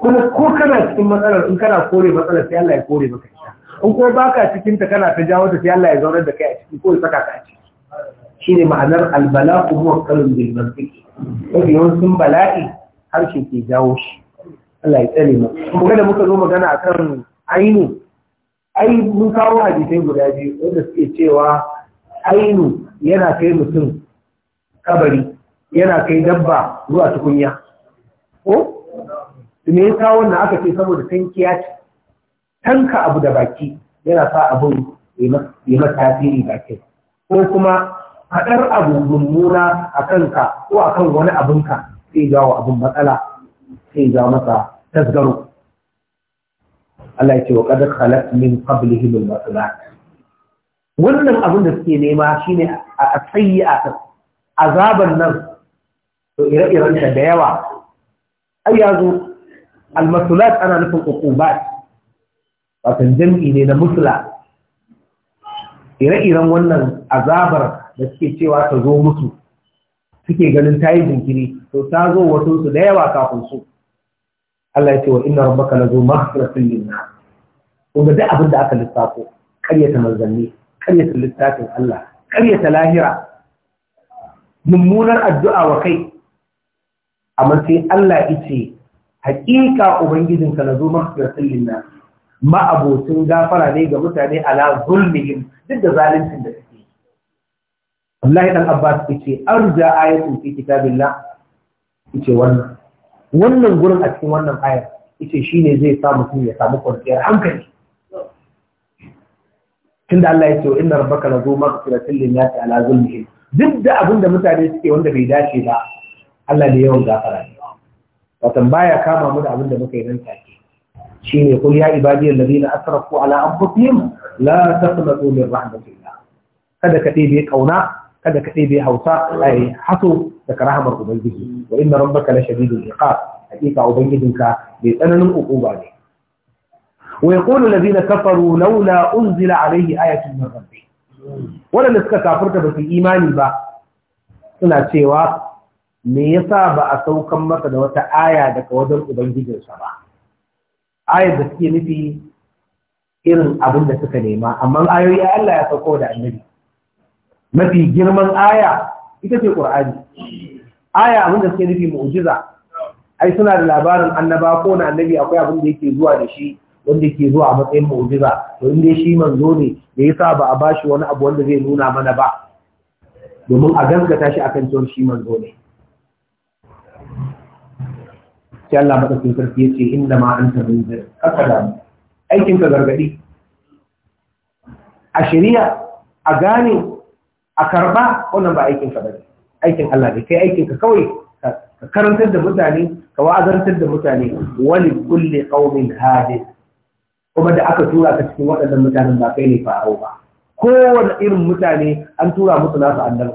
kuma ko kana cikin matsalar in kana kore matsalar sai Allah ya kore maka in ko baka cikin ta kana ta jawo ta sai Allah ya zaunar da kai a ciki ko ya saka ka a ciki ne ma'anar albala'u muwakkalun bil mantiki mafi sun bala'i harshe ke jawo shi Allah ya tsare mu kuma kada muka zo magana a kan ainu ai mun kawo hadisai guda biyu wanda suke cewa ainu yana kai mutum kabari yana kai dabba zuwa tukunya ko me ya kawo wannan aka ce saboda tankiya ce tanka abu da baki yana sa abun ya masa tasiri baki, ko kuma faɗar abu mummuna a kanka ko a kan wani abinka sai jawo abin matsala sai ja masa tasgaro Allah ya ce wa qad khalat min qablihim al-maslat wannan abin da suke nema shine a sayyi'a azaban nan to ire-iren ta da yawa ai yazo al-maslat ana nufin uqubat wato jam'i ne na musla ire-iren wannan azabar da suke cewa ta zo mutu suke ganin ta yi jinkiri to ta zo wasu su da yawa kafin su Allah ya ce wa inna rabbaka la zu maghfiratin lin nas kuma duk abin da aka lissafo ƙaryata manzanni ƙaryata littafin Allah ƙaryata lahira mummunar addu'a wa kai amma sai Allah yace haƙiƙa ubangijinka la zu maghfiratin lin nas ma'abocin gafara ne ga mutane ala zulmihim duk da zaluncin da suke Abdullahi dan Abbas yace arja ayatun fi kitabillah yace wannan wannan gurin a cikin wannan ayar shi ne zai sa mutum ya samu kwanciyar hankali tunda Allah yace inna rabbaka lazu maghfiratin ya nasi ala zulmihim duk da abin da mutane suke wanda bai dace ba Allah ne yawan gafara ne watan baya kama mu da abin da muka yi nan take shine kul ya ibadiyal ladina asrafu ala anfusihim la taqnatu min rahmatillah kada ka ɗebe kauna kada ka ɗebe hausa ayi haso daga rahamar ubangiji wa inna rabbaka la shadidul iqab hakika ubangijinka bai tsananin ukuba ne wa yaqulu allazina kafaru laula unzila alayhi ayatun min rabbih wanda suka kafirta ba su imani ba suna cewa me yasa ba a saukan masa da wata aya daga wajen ubangijinsa ba ayar da suke nufi irin abin da suka nema amma ayoyi Allah ya sauko da annabi mafi girman aya ita ce ƙur'ani aya abin da suke nufi mu'ujiza. ai suna da labarin annaba ko na annabi akwai abin da yake zuwa da shi wanda ke zuwa a matsayin mu'ujiza. to in dai shi manzo ne da yasa ba a bashi wani abu wanda zai nuna mana ba domin a gaskata shi akan cewa shi manzo ne sai Allah madaukakin sarki yace inda ma anta munzir haka da aikin ka gargadi a shari'a a gane a karba wannan ba aikin ka bane aikin Allah ne kai aikin ka kawai ka karantar da mutane ka wa'azantar da mutane wani kulli qaumin hadi kuma da aka tura ka cikin waɗannan mutanen ba kai ne farau ba kowane irin mutane an tura musu nasu annabi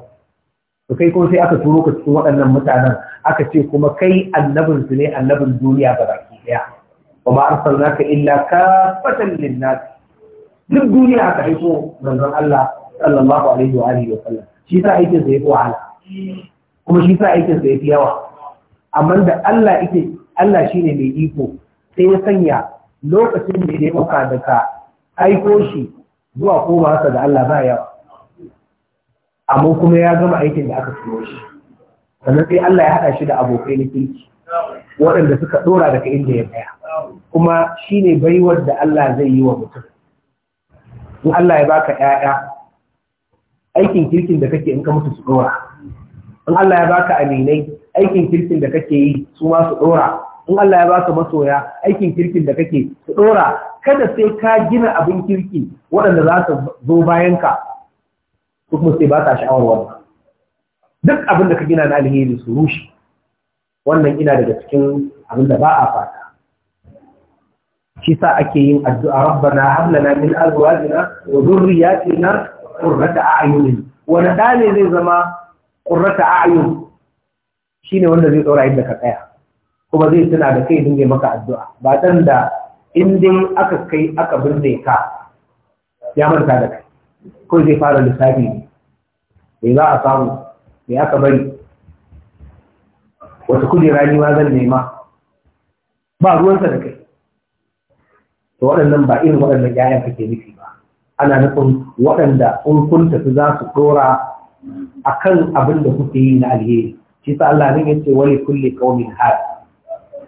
to kai kuma sai aka turo ka cikin waɗannan mutanen aka ce kuma kai annabin su ne annabin duniya ga baki daya wa ma arsalnaka illa kafatan lin nas duk duniya aka aiko manzon Allah sallallahu alaihi wa alihi wa sallam shi sa aikin sa yafi wahala kuma shi sa aikin sa fi yawa amma da Allah yake Allah shine mai iko sai ya sanya lokacin da ya maka da ka aiko shi zuwa koma sa da Allah ba yawa amma kuma ya gama aikin da aka tsoro shi sannan sai Allah ya haɗa shi da abokai na kirki waɗanda suka ɗora daga inda ya tsaya kuma shine baiwar da Allah zai yi wa mutum in Allah ya baka ‘ya'ya aikin kirkin da kake in ka mutu su dora in Allah ya baka aminai aikin kirkin da kake yi su ma su dora in Allah ya baka masoya aikin kirkin da kake su dora kada sai ka gina abin kirki waɗanda za su zo bayan ka su kuma sai ba ta sha'awar wannan duk abin da ka gina na alheri su rushe wannan ina daga cikin abin da ba a fata shi sa ake yin addu'a rabbana hab lana min azwajina wa dhurriyyatina ƙurrata a ayyuni wani ɗa ne zai zama ƙurrata a ayyuni shi ne wanda zai tsora inda ka tsaya kuma zai tuna da kai dinga maka addu'a ba ɗan da in aka kai aka binne ka ya manta da kai ko zai fara lissafi ne me za a samu me aka bari wata kujera rani ma zan nema ba ruwansa da kai to waɗannan ba irin waɗannan ya'yan kake nufi ana nufin waɗanda in kun tafi za su ɗora a kan abin da kuke yi na alheri shi sa Allah ne ya ce wani kulle kaumin har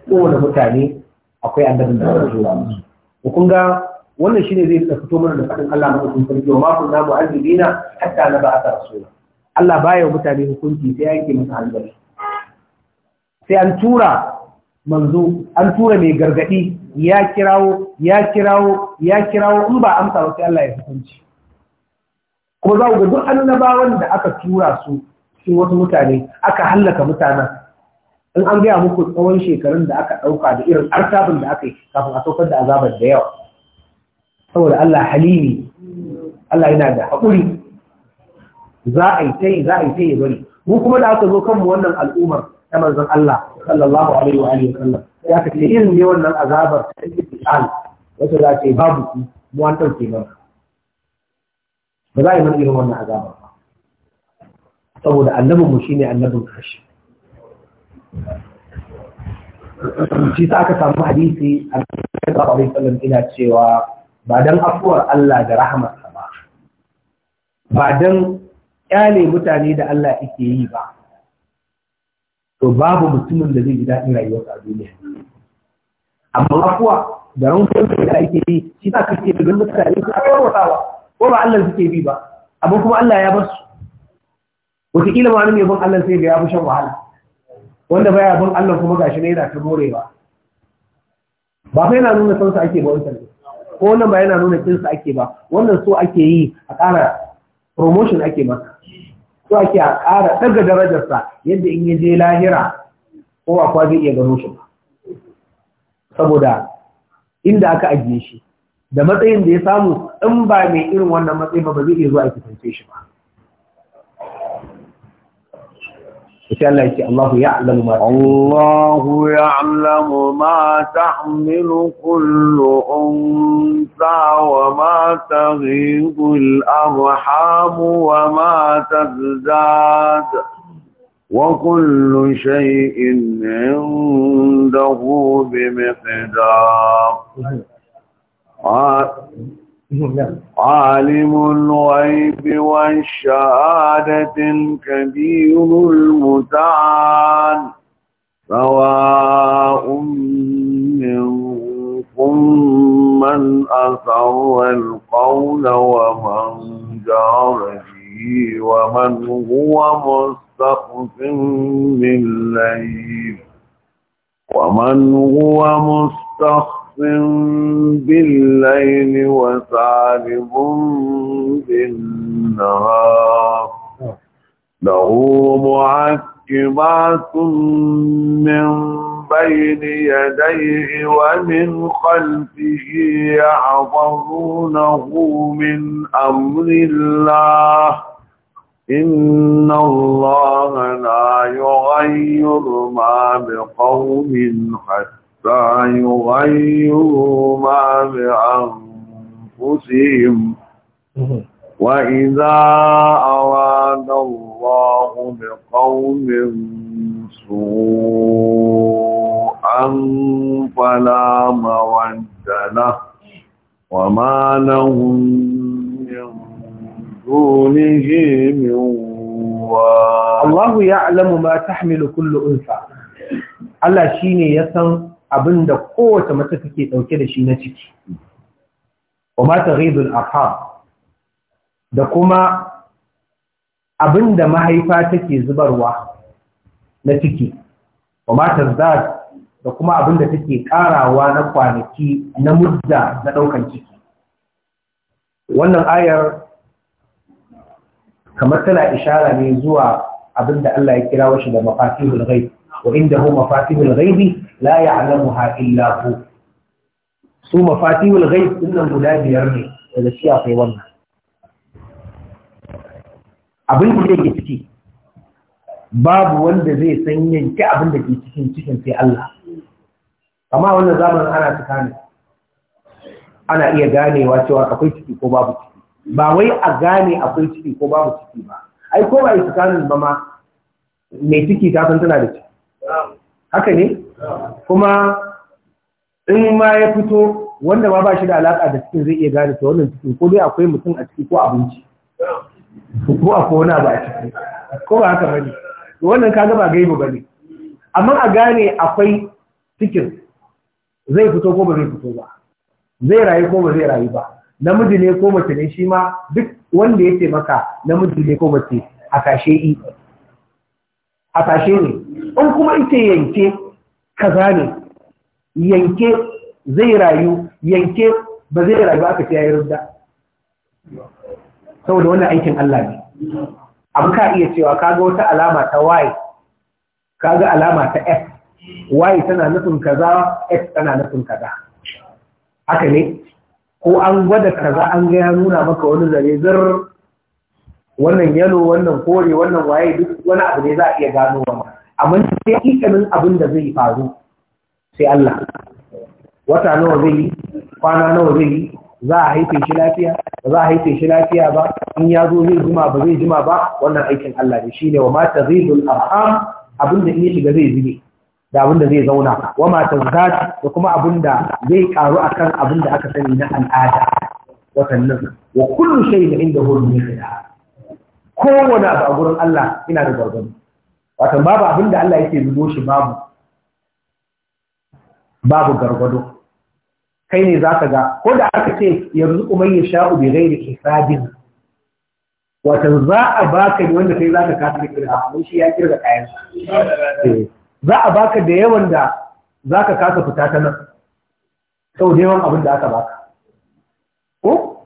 kowane mutane akwai annabin da zai tura musu kun ga wannan shine zai fito mana da faɗin Allah madaukakin sarki wa ma kunna mu'azzibina hatta na ba'a rasula Allah baya mutane hukunci sai yanke musu hanzari sai an tura manzo an tura mai gargadi ya kirawo ya kirawo ya kirawo in ba amsa ba sai Allah ya hukunci ko za ku ga duk annabawan da aka tura su cikin wasu mutane aka hallaka mutanen in an gaya muku tsawon shekarun da aka ɗauka da irin artabin da aka yi kafin a saukar da azabar da yawa saboda Allah halimi Allah yana da haƙuri za a yi ta yi za a yi ta yi bari mu kuma da aka zo kanmu wannan al'ummar ta manzon Allah sallallahu alaihi wa alihi wasallam ya ka ce irin ne wannan azabar ta al wato da ce babu mu an dauke ba ba za a yi mana irin wannan azabar ba saboda annabin mu shine annabin kashi shi sa aka samu hadisi a sallallahu alaihi wasallam ina cewa ba dan afuwar Allah da rahamarsa ba ba dan kyale mutane da Allah yake yi ba to babu mutumin da zai ji daɗin rayuwarsa a duniya amma kuwa da rankon da ake yi shi za ka ce da ganin mutane su aka wasawa ko ba Allah suke bi ba amma kuma Allah ya basu wataƙila ma wani yabon Allah sai da ya fi shan wahala wanda baya yabon Allah kuma gashi na yana ta morewa ba fa yana nuna sansa ake ba ne, ko wannan ba yana nuna kinsa ake ba wannan so ake yi a ƙara promotion ake ba. so ake a ƙara ɗaga darajarsa yadda in yi je lahira ko a kwa zai iya gano shi ba saboda inda aka ajiye shi da matsayin da ya samu in ba mai irin wannan matsayi ba ba zai iya zuwa a kusance shi ba insha Allah yake Allah ya alamu ma Allah ya ma tahmilu kullu unsa wa ma taghidu al-arham wa ma tazdad وكل شيء عنده نعم. عالم الغيب والشهادة الكبير المتعال سواء منكم من أسر القول ومن جار به ومن هو مستخف بالليل ومن هو مستخف بالليل وسارب بالنهار له معكبات من بين يديه ومن خلفه يحفظونه من أمر الله إن الله لا يغير ما بقوم حتى حتى يغيروا ما بأنفسهم وإذا أراد الله بقوم سوءا فلا مرد له وما لهم من دونه من الله يعلم ما تحمل كل أنثى الله شيني يسن abin da kowace mace take ɗauke da shi na ciki wa ma ta ghidul da kuma abin da mahaifa take zubarwa na ciki wa ma tazdad da kuma abin da take karawa na kwanaki na mudda na ɗaukan ciki wannan ayar kamar tana ishara ne zuwa abin da Allah ya kira washi da mafatihul ghaib wa indahu mafatihul ghaibi la ya'lamuha illa hu su mafatihul ghaib din nan guda biyar ne daga shi akwai wannan abin da yake ciki babu wanda zai san yanke abin da ke cikin cikin sai Allah amma wannan zamanin ana cika ana iya ganewa cewa akwai ciki ko babu ciki ba wai a gane akwai ciki ko babu ciki ba ai ko ba yi tsakanin ba ma mai ciki ta san tana da ciki haka ne kuma in ma ya fito wanda ma ba shi da alaƙa da cikin zai iya gane ta wannan cikin ko dai akwai mutum a ciki ko abinci ko a wani abu a ciki ko ba haka bane wannan kaga ba gaibu bane amma a gane akwai cikin zai fito ko ba zai fito ba zai rayu ko ba zai rayu ba namiji ne ko mace ne shi ma duk wanda ya ce maka namiji ne ko mace a kashe i a kashe ne in kuma ita yanke kaza ne yanke zai rayu yanke ba zai rayu aka ce yi rudda saboda wannan aikin Allah ne abu ka iya cewa kaga wata alama ta y kaga alama ta f y tana nufin kaza f tana nufin kaza haka ne ko an gwada kaza an ga ya nuna maka wani zare zir wannan yalo wannan kore wannan waye duk wani abu ne za a iya gano wa amma sai ikanin abin da zai faru sai Allah wata nawa zai yi kwana nawa zai yi za a haife shi lafiya ba za a haife shi lafiya ba in ya zo zai jima ba zai jima ba wannan aikin Allah ne shine wa mata zidul arham da in ya shiga zai zube da abin da zai zauna wa mata zat da kuma da zai karu abin da aka sani na al'ada watannin wa kullu shay'in inda min kowane abu a gurin Allah ina da gwargwado wato babu abin da Allah yake zubo shi babu babu gargado kai ne za ka ga ko da aka ce yanzu kuma ya sha'u bi gairi hisabin wato za a baka ne wanda kai za ka kasa da kirga mun shi ya kirga kayan eh, za a baka da yawan da za ka kasa fita ta nan sau da yawan abin da aka baka ko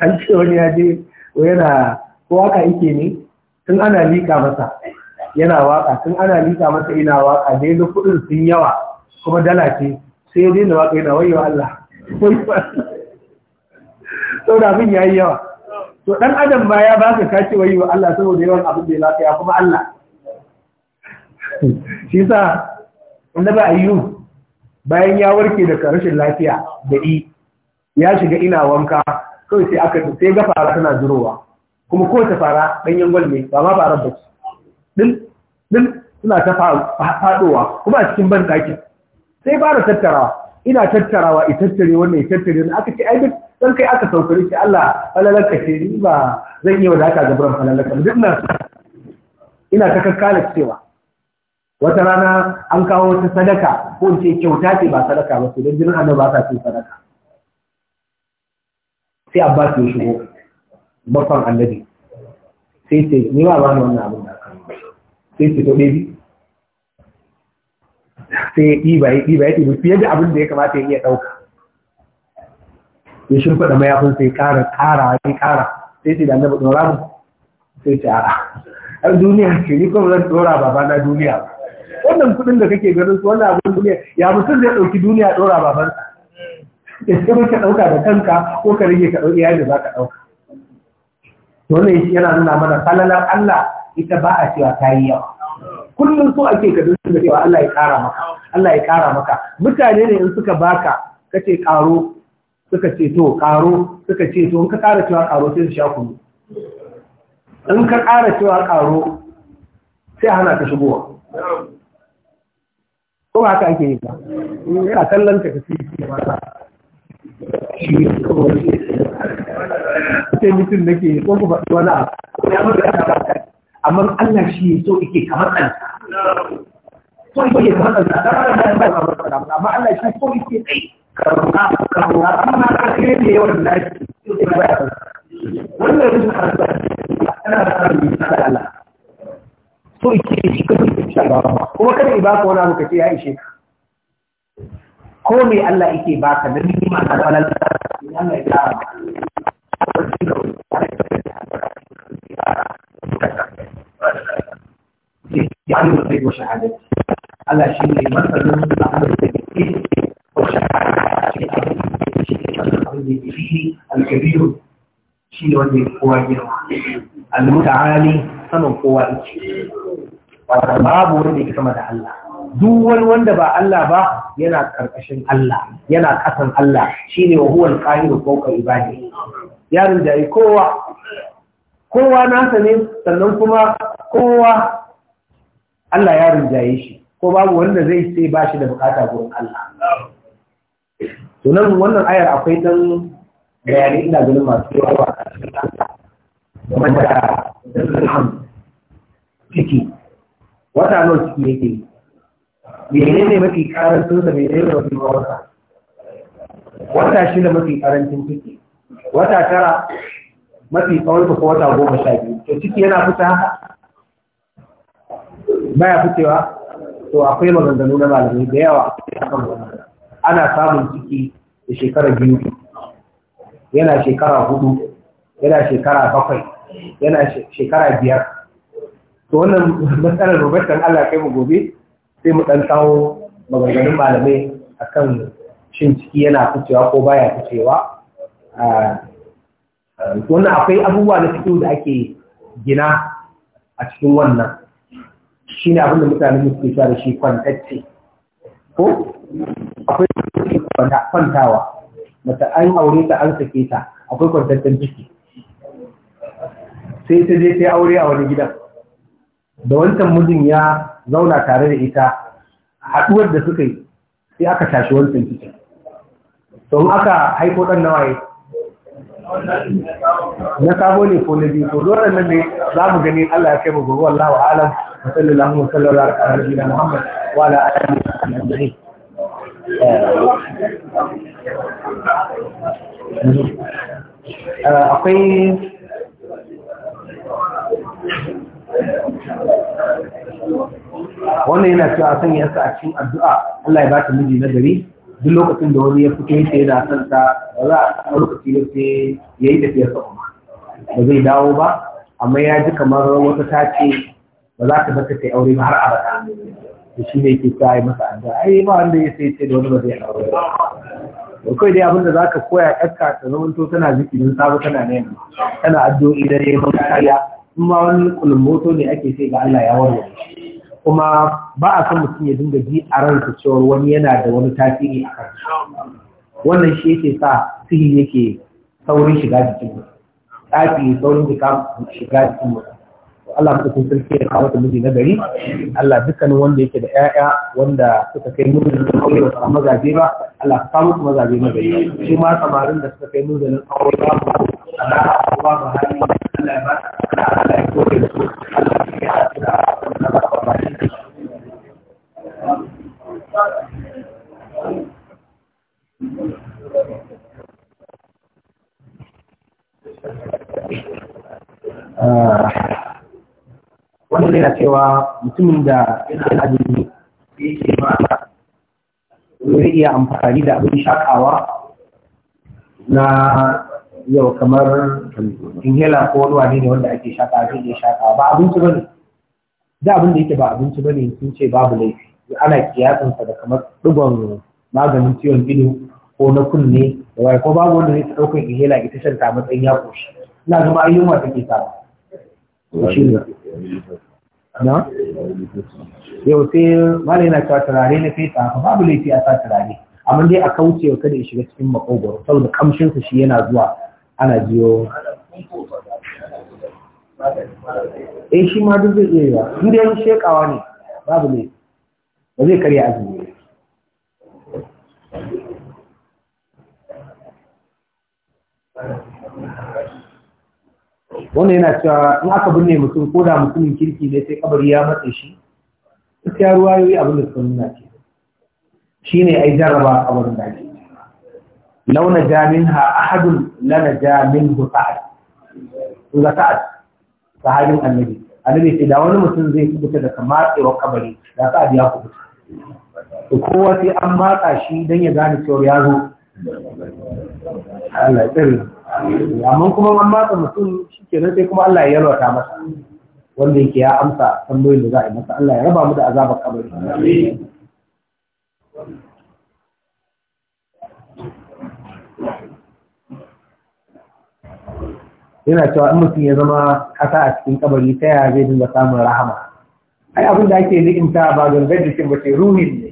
an ce wani ya je yana ko haka yake ne tun ana liƙa masa yana waka tun ana lika masa ina waka dai da kudin sun yawa kuma dala ce sai yi da waka yana wayewa Allah sau da abin ya yi yawa to dan adam ba ya baka kace wayewa Allah saboda yawan abin da ya lafiya kuma Allah shi sa annabi ayyub bayan ya warke daga rashin lafiya da i ya shiga ina wanka kawai sai aka sai ga fara tana durowa kuma kowace fara ɗanyen gwal ne ba ma fara ba din suna ta faɗowa kuma a cikin ban ɗakin sai fara tattarawa ina tattarawa i tattare wannan i tattare na aka ce ai duk dan kai aka saukare shi Allah falalar ka ce ni ba zan yi wadata ga buran ka duk nan ina ta kakkala cewa wata rana an kawo wata sadaka ko in ce kyauta ce ba sadaka ba sai dan jinin annabi ba sa ce sadaka sai abba ya shigo bakon annabi sai sai ni ba ba wannan abu sai ce to baby sai ya ɗiba ya ɗiba ya ɗiba fiye da abin da ya kamata ya iya ɗauka ya da mayafin sai ƙara ƙara sai ƙara sai ce da annabi ɗora mu sai ce a'a ɗan duniya ke ni kuma zan ɗora baba na duniya wannan kuɗin da kake ganin su wannan abin duniya ya mutum zai ɗauki duniya ɗora babansa ya ce ka ɗauka da kanka ko ka rage ka ɗauki yayin da za ka ɗauka wannan yana nuna mana falalar Allah ita ba a cewa ta yi yawa kullum so ake ka da cewa Allah ya kara maka Allah ya kara maka mutane ne in suka baka kace karo suka ce to karo suka ce to in ka kara cewa karo sai su sha kunu in ka kara cewa karo sai hana ka shigowa ko haka ake yi ba yana kallon ka ka sisi ba shi sai mutum nake ko ku faɗi wani abu amma Allah shi ne so yake kamar so yake kamar kansa dan Allah ba kamar Allah shi so yake kai karuna karuna amma ka kai ne yawan lafi wannan a karanta ana da karanta da Allah so yake shi kake shi ba kuma kada baka wani abu ce ya ishe ka ko me Allah yake baka da nima da falalla Allah ya tsara عالم الغيب وشهادته على شيء مثلا عمل التمكين وشهادته فيه الكبير شيء وجه قوانين المتعالي sanin kowa yake wanda babu wanda yake sama da Allah duk wani wanda ba Allah ba yana karkashin Allah yana kasan Allah shine wa huwa ko qahiru fawqa ibadihi yarin da kowa kowa nasa ne sannan kuma kowa Allah ya rinjaye shi ko babu wanda zai sai ba shi da bukata gurin Allah sunan wannan ayar akwai dan bayani ina ganin masu yawa a cikin wanda da ciki wata nawa ciki yake mene ne mafi karancin sa mene ne mafi yawansa wata shi da mafi karancin ciki wata tara mafi tsawon ko wata goma sha biyu to ciki yana fita baya fitewa to akwai maganganu na malamai da yawa ana samun ciki da shekara biyu yana shekara hudu yana shekara bakwai yana shekara biyar to wannan matsalar rubatan Allah kai mu gobe sai mu dan kawo maganganun malamai akan shin ciki yana fitewa ko baya fitewa wannan akwai abubuwa na cikin da ake gina a cikin wannan shi ne abinda mutane suke sa da shi kwantacce ko akwai kwantawa mace an aure ta an sake ta akwai kwantaccen ciki sai ta je ta aure a wani gidan da wancan mijin ya zauna tare da ita haɗuwar da suka yi sai aka tashi wancan ciki to in aka haifo ɗan nawaye na sabo ne ko na biyu ko dole nan ne za mu gani Allah ya kai mu gobe wallahu alam wa sallallahu wa sallallahu ala nabiyina Muhammad wa ala alihi wa sahbihi eh, akwai wannan yana cewa sanya yasa a cikin addu'a Allah ya ba ta miji na gari duk lokacin da wani ya fito ya yana son ta ba za a samu lokaci da ce ya yi tafiya sa kuma ba zai dawo ba amma ya ji kamar wata ta ce ba za ta baka kai aure ba har abada da shi ne ke sa yi masa addu'a ai ba wanda ya sai ce da wani ba zai aure ba kai dai abinda za ka koya ɗanka ta zamanto tana zikirin sabu tana nema tana addu'o'i da neman kariya in ma wani kulun moto ne ake sai ga Allah ya warware kuma ba a san mutum ya dinga ji a ranta cewar wani yana da wani tasiri a kan wannan shi yake sa sihi yake saurin shiga jikin mutum tsafi saurin jika shiga jikin mutum Allah mutum sarki ya kawo miji na gari Allah dukkanin wanda yake da 'ya'ya wanda suka kai munzalin aure ba su mazaje ba Allah ka kawo musu mazaje na gari shi ma samarin da suka kai munzalin aure ba su Allah ba ba hali Allah ya ba Allah ya kore da su Allah ya ba Ah. wannan yana cewa mutumin da yana ajiyar yake mata zai iya amfani da abin shakawa na yau kamar inhaler ko wani wane ne wanda ake shaka zai iya shaka ba abinci ba ne da abin da yake ba abinci bane sun ce babu laifi ana kiyasansa da kamar digon maganin ciwon ido ko na kunne da wai ko babu wanda zai ɗaukar ihela ita shan ta matsayin ya koshi ina zama ayyun wata ke sa na yau sai malai na cewa turare na fesa ba babu laifi a sa turare amma dai a kaucewa kada ya shiga cikin makogwaro saboda kamshinsa shi yana zuwa ana jiyo eh shi ma duk zai iya yi ba in dai shekawa ne babu ne ba zai karya azumi wannan yana cewa in aka binne mutum ko da mutumin kirki ne sai kabari ya matse shi ta ruwa yoyi abin da suka nuna ce shi ne ai jarraba a wurin daji launa jamin ha ahadun lana jamin hu sa'ad sahabin annabi annabi sai da wani mutum zai kubuta daga matsewar kabari da ka biya kubuta to kowa sai an matsa shi don ya gane cewa ya zo Allah ya tsare amma kuma an matsa mutum shi kenan sai kuma Allah ya yalwata masa wanda yake ya amsa tambayoyin da za a yi masa Allah ya raba mu da azabar kabari yana cewa in mutum ya zama kasa a cikin kabari ta yaya zai dinga samun rahama ai abin da ake ni'imta ba gangar jikin ba ce ruhin ne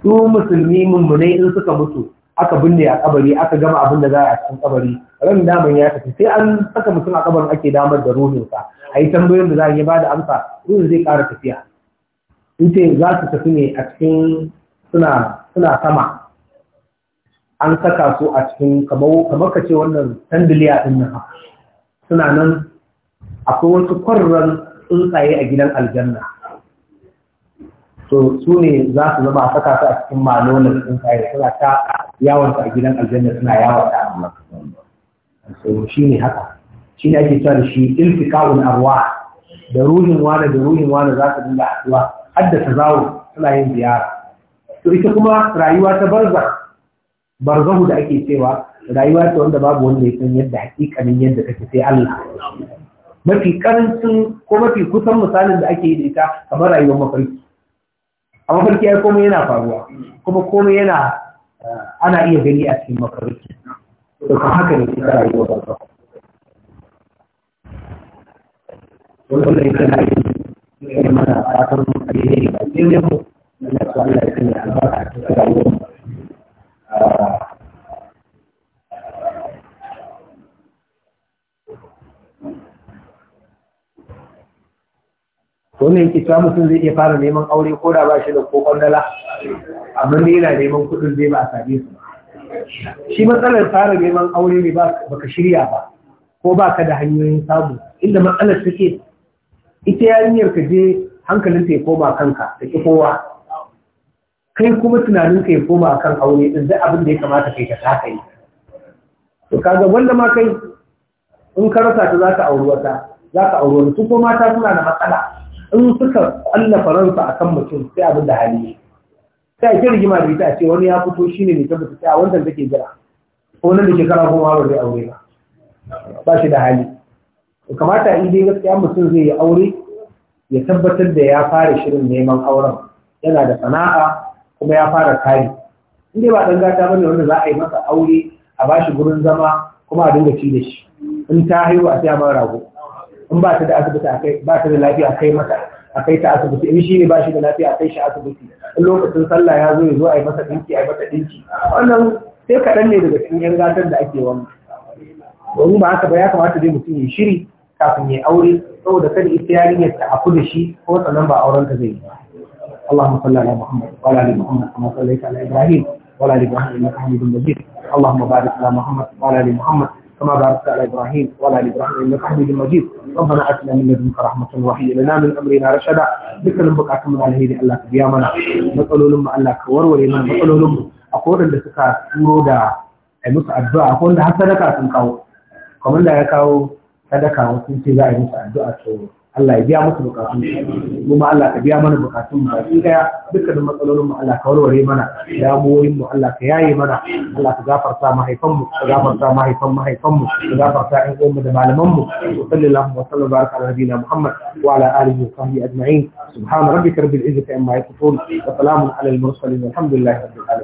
su musulmi mummunai in suka mutu aka binne a kabari aka gama abin da za a cikin kabari ran daman ya tafi sai an saka mutum a kabarin ake damar da ruhinsa a yi tambayoyin da za a yi ba da amsa ruhin zai kara tafiya in ce za su tafi ne a cikin suna sama an saka su a cikin kamar ka ce wannan sandiliya ɗin nan suna nan akwai wasu kwarran tsuntsaye a gidan aljanna to su ne za su zama a saka su a cikin malonin tsuntsaye suna ta yawon a gidan aljanna suna yawon ta amma shi ne haka shi ne ake cewa da shi iltika'un arwa da ruhin wani da ruhin wani za su dinga haɗuwa har da zawo suna yin ziyara to ita kuma rayuwa ta barza barzahu da ake cewa rayuwa ta wanda babu wanda ya san yadda hakikanin yadda kake sai Allah mafi karancin ko mafi kusan misalin da ake yi da ita kamar rayuwar mafarki a mafarki ai komai yana faruwa kuma komai yana eh, ana iya gani a cikin mafarki to kan haka ne cikin rayuwar barzahu wannan yana yi mana fatan ne ba sai ne mu Allah ya sanya albarka a cikin rayuwar mu wannan yake cewa mutum zai iya fara neman aure ko da ba shi da ko kwandala amma ne yana neman kuɗin zai ba a same su shi matsalar fara neman aure ne ba ka shirya ba ko ba ka da hanyoyin samu inda matsalar take ita yarinyar ka je hankalinta ya koma kanka ta ki kowa kai kuma tunanin ka ya koma akan aure din da abin da ya kamata kai ka taka yi to kaga wanda ma kai in ka rasa ta zaka auri wata zaka auri wani su ko mata suna da matsala in suka Allah faransa akan mutum sai abin da hali sai ake rigima da ita a ce wani ya fito shine ne ta fita a wanda take jira ko nan da shekara goma ba zai aure ba ba shi da hali kamata in dai gaskiya mutum zai yi aure ya tabbatar da ya fara shirin neman auren yana da sana'a kuma ya fara kari inda ba ɗan gata bane wanda za a yi masa aure a bashi gurin zama kuma a dinga ci da shi in ta haihu a siya mara rago in ba ta da asibiti a kai ba ta da lafiya a kai mata a kai ta asibiti in shi ne ba shi da lafiya a kai shi asibiti in lokacin sallah ya zo ya zo a yi masa ɗinki a yi masa ɗinki wannan sai kaɗan ne daga cikin yan gatar da ake wani domin ba haka ba ya kamata dai mutum ya shiri kafin ya aure saboda kada ita yarinyar ta aku da shi ko sannan ba auren ta zai yi ba اللهم صل على محمد وعلى ال محمد كما صليت على ابراهيم وعلى ال ابراهيم انك حميد مجيد اللهم بارك على محمد وعلى ال محمد كما باركت على ابراهيم وعلى ال ابراهيم انك حميد مجيد ربنا اتنا من لدنك رحمه وحي لنا من امرنا رشدا ذكر بك كما على هي الله يا منا نقول لهم الله كور ولي من نقول لهم اقول ان تسكا نودا اي مس ادعاء اقول لها صدقه تنقو كما لا يكاو صدقه وتنتي لا يمس ادعاء تنقو Allah ya biya musu bukatun mu ma Allah ka biya mana bukatun mu baki daya dukkanin matsalolin mu Allah ka warware mana damuwoyin mu Allah ka yaye mana Allah ka gafarta mahaifan mu ka gafarta mahaifan mahaifan mu ka gafarta ƴan uwan mu da malaman mu sallallahu wa sallam baraka ala nabiyina Muhammad wa ala alihi wa sahbihi ajma'in subhana rabbika rabbil izzati amma yasifun wa salamun ala al mursalin walhamdulillahi rabbil alamin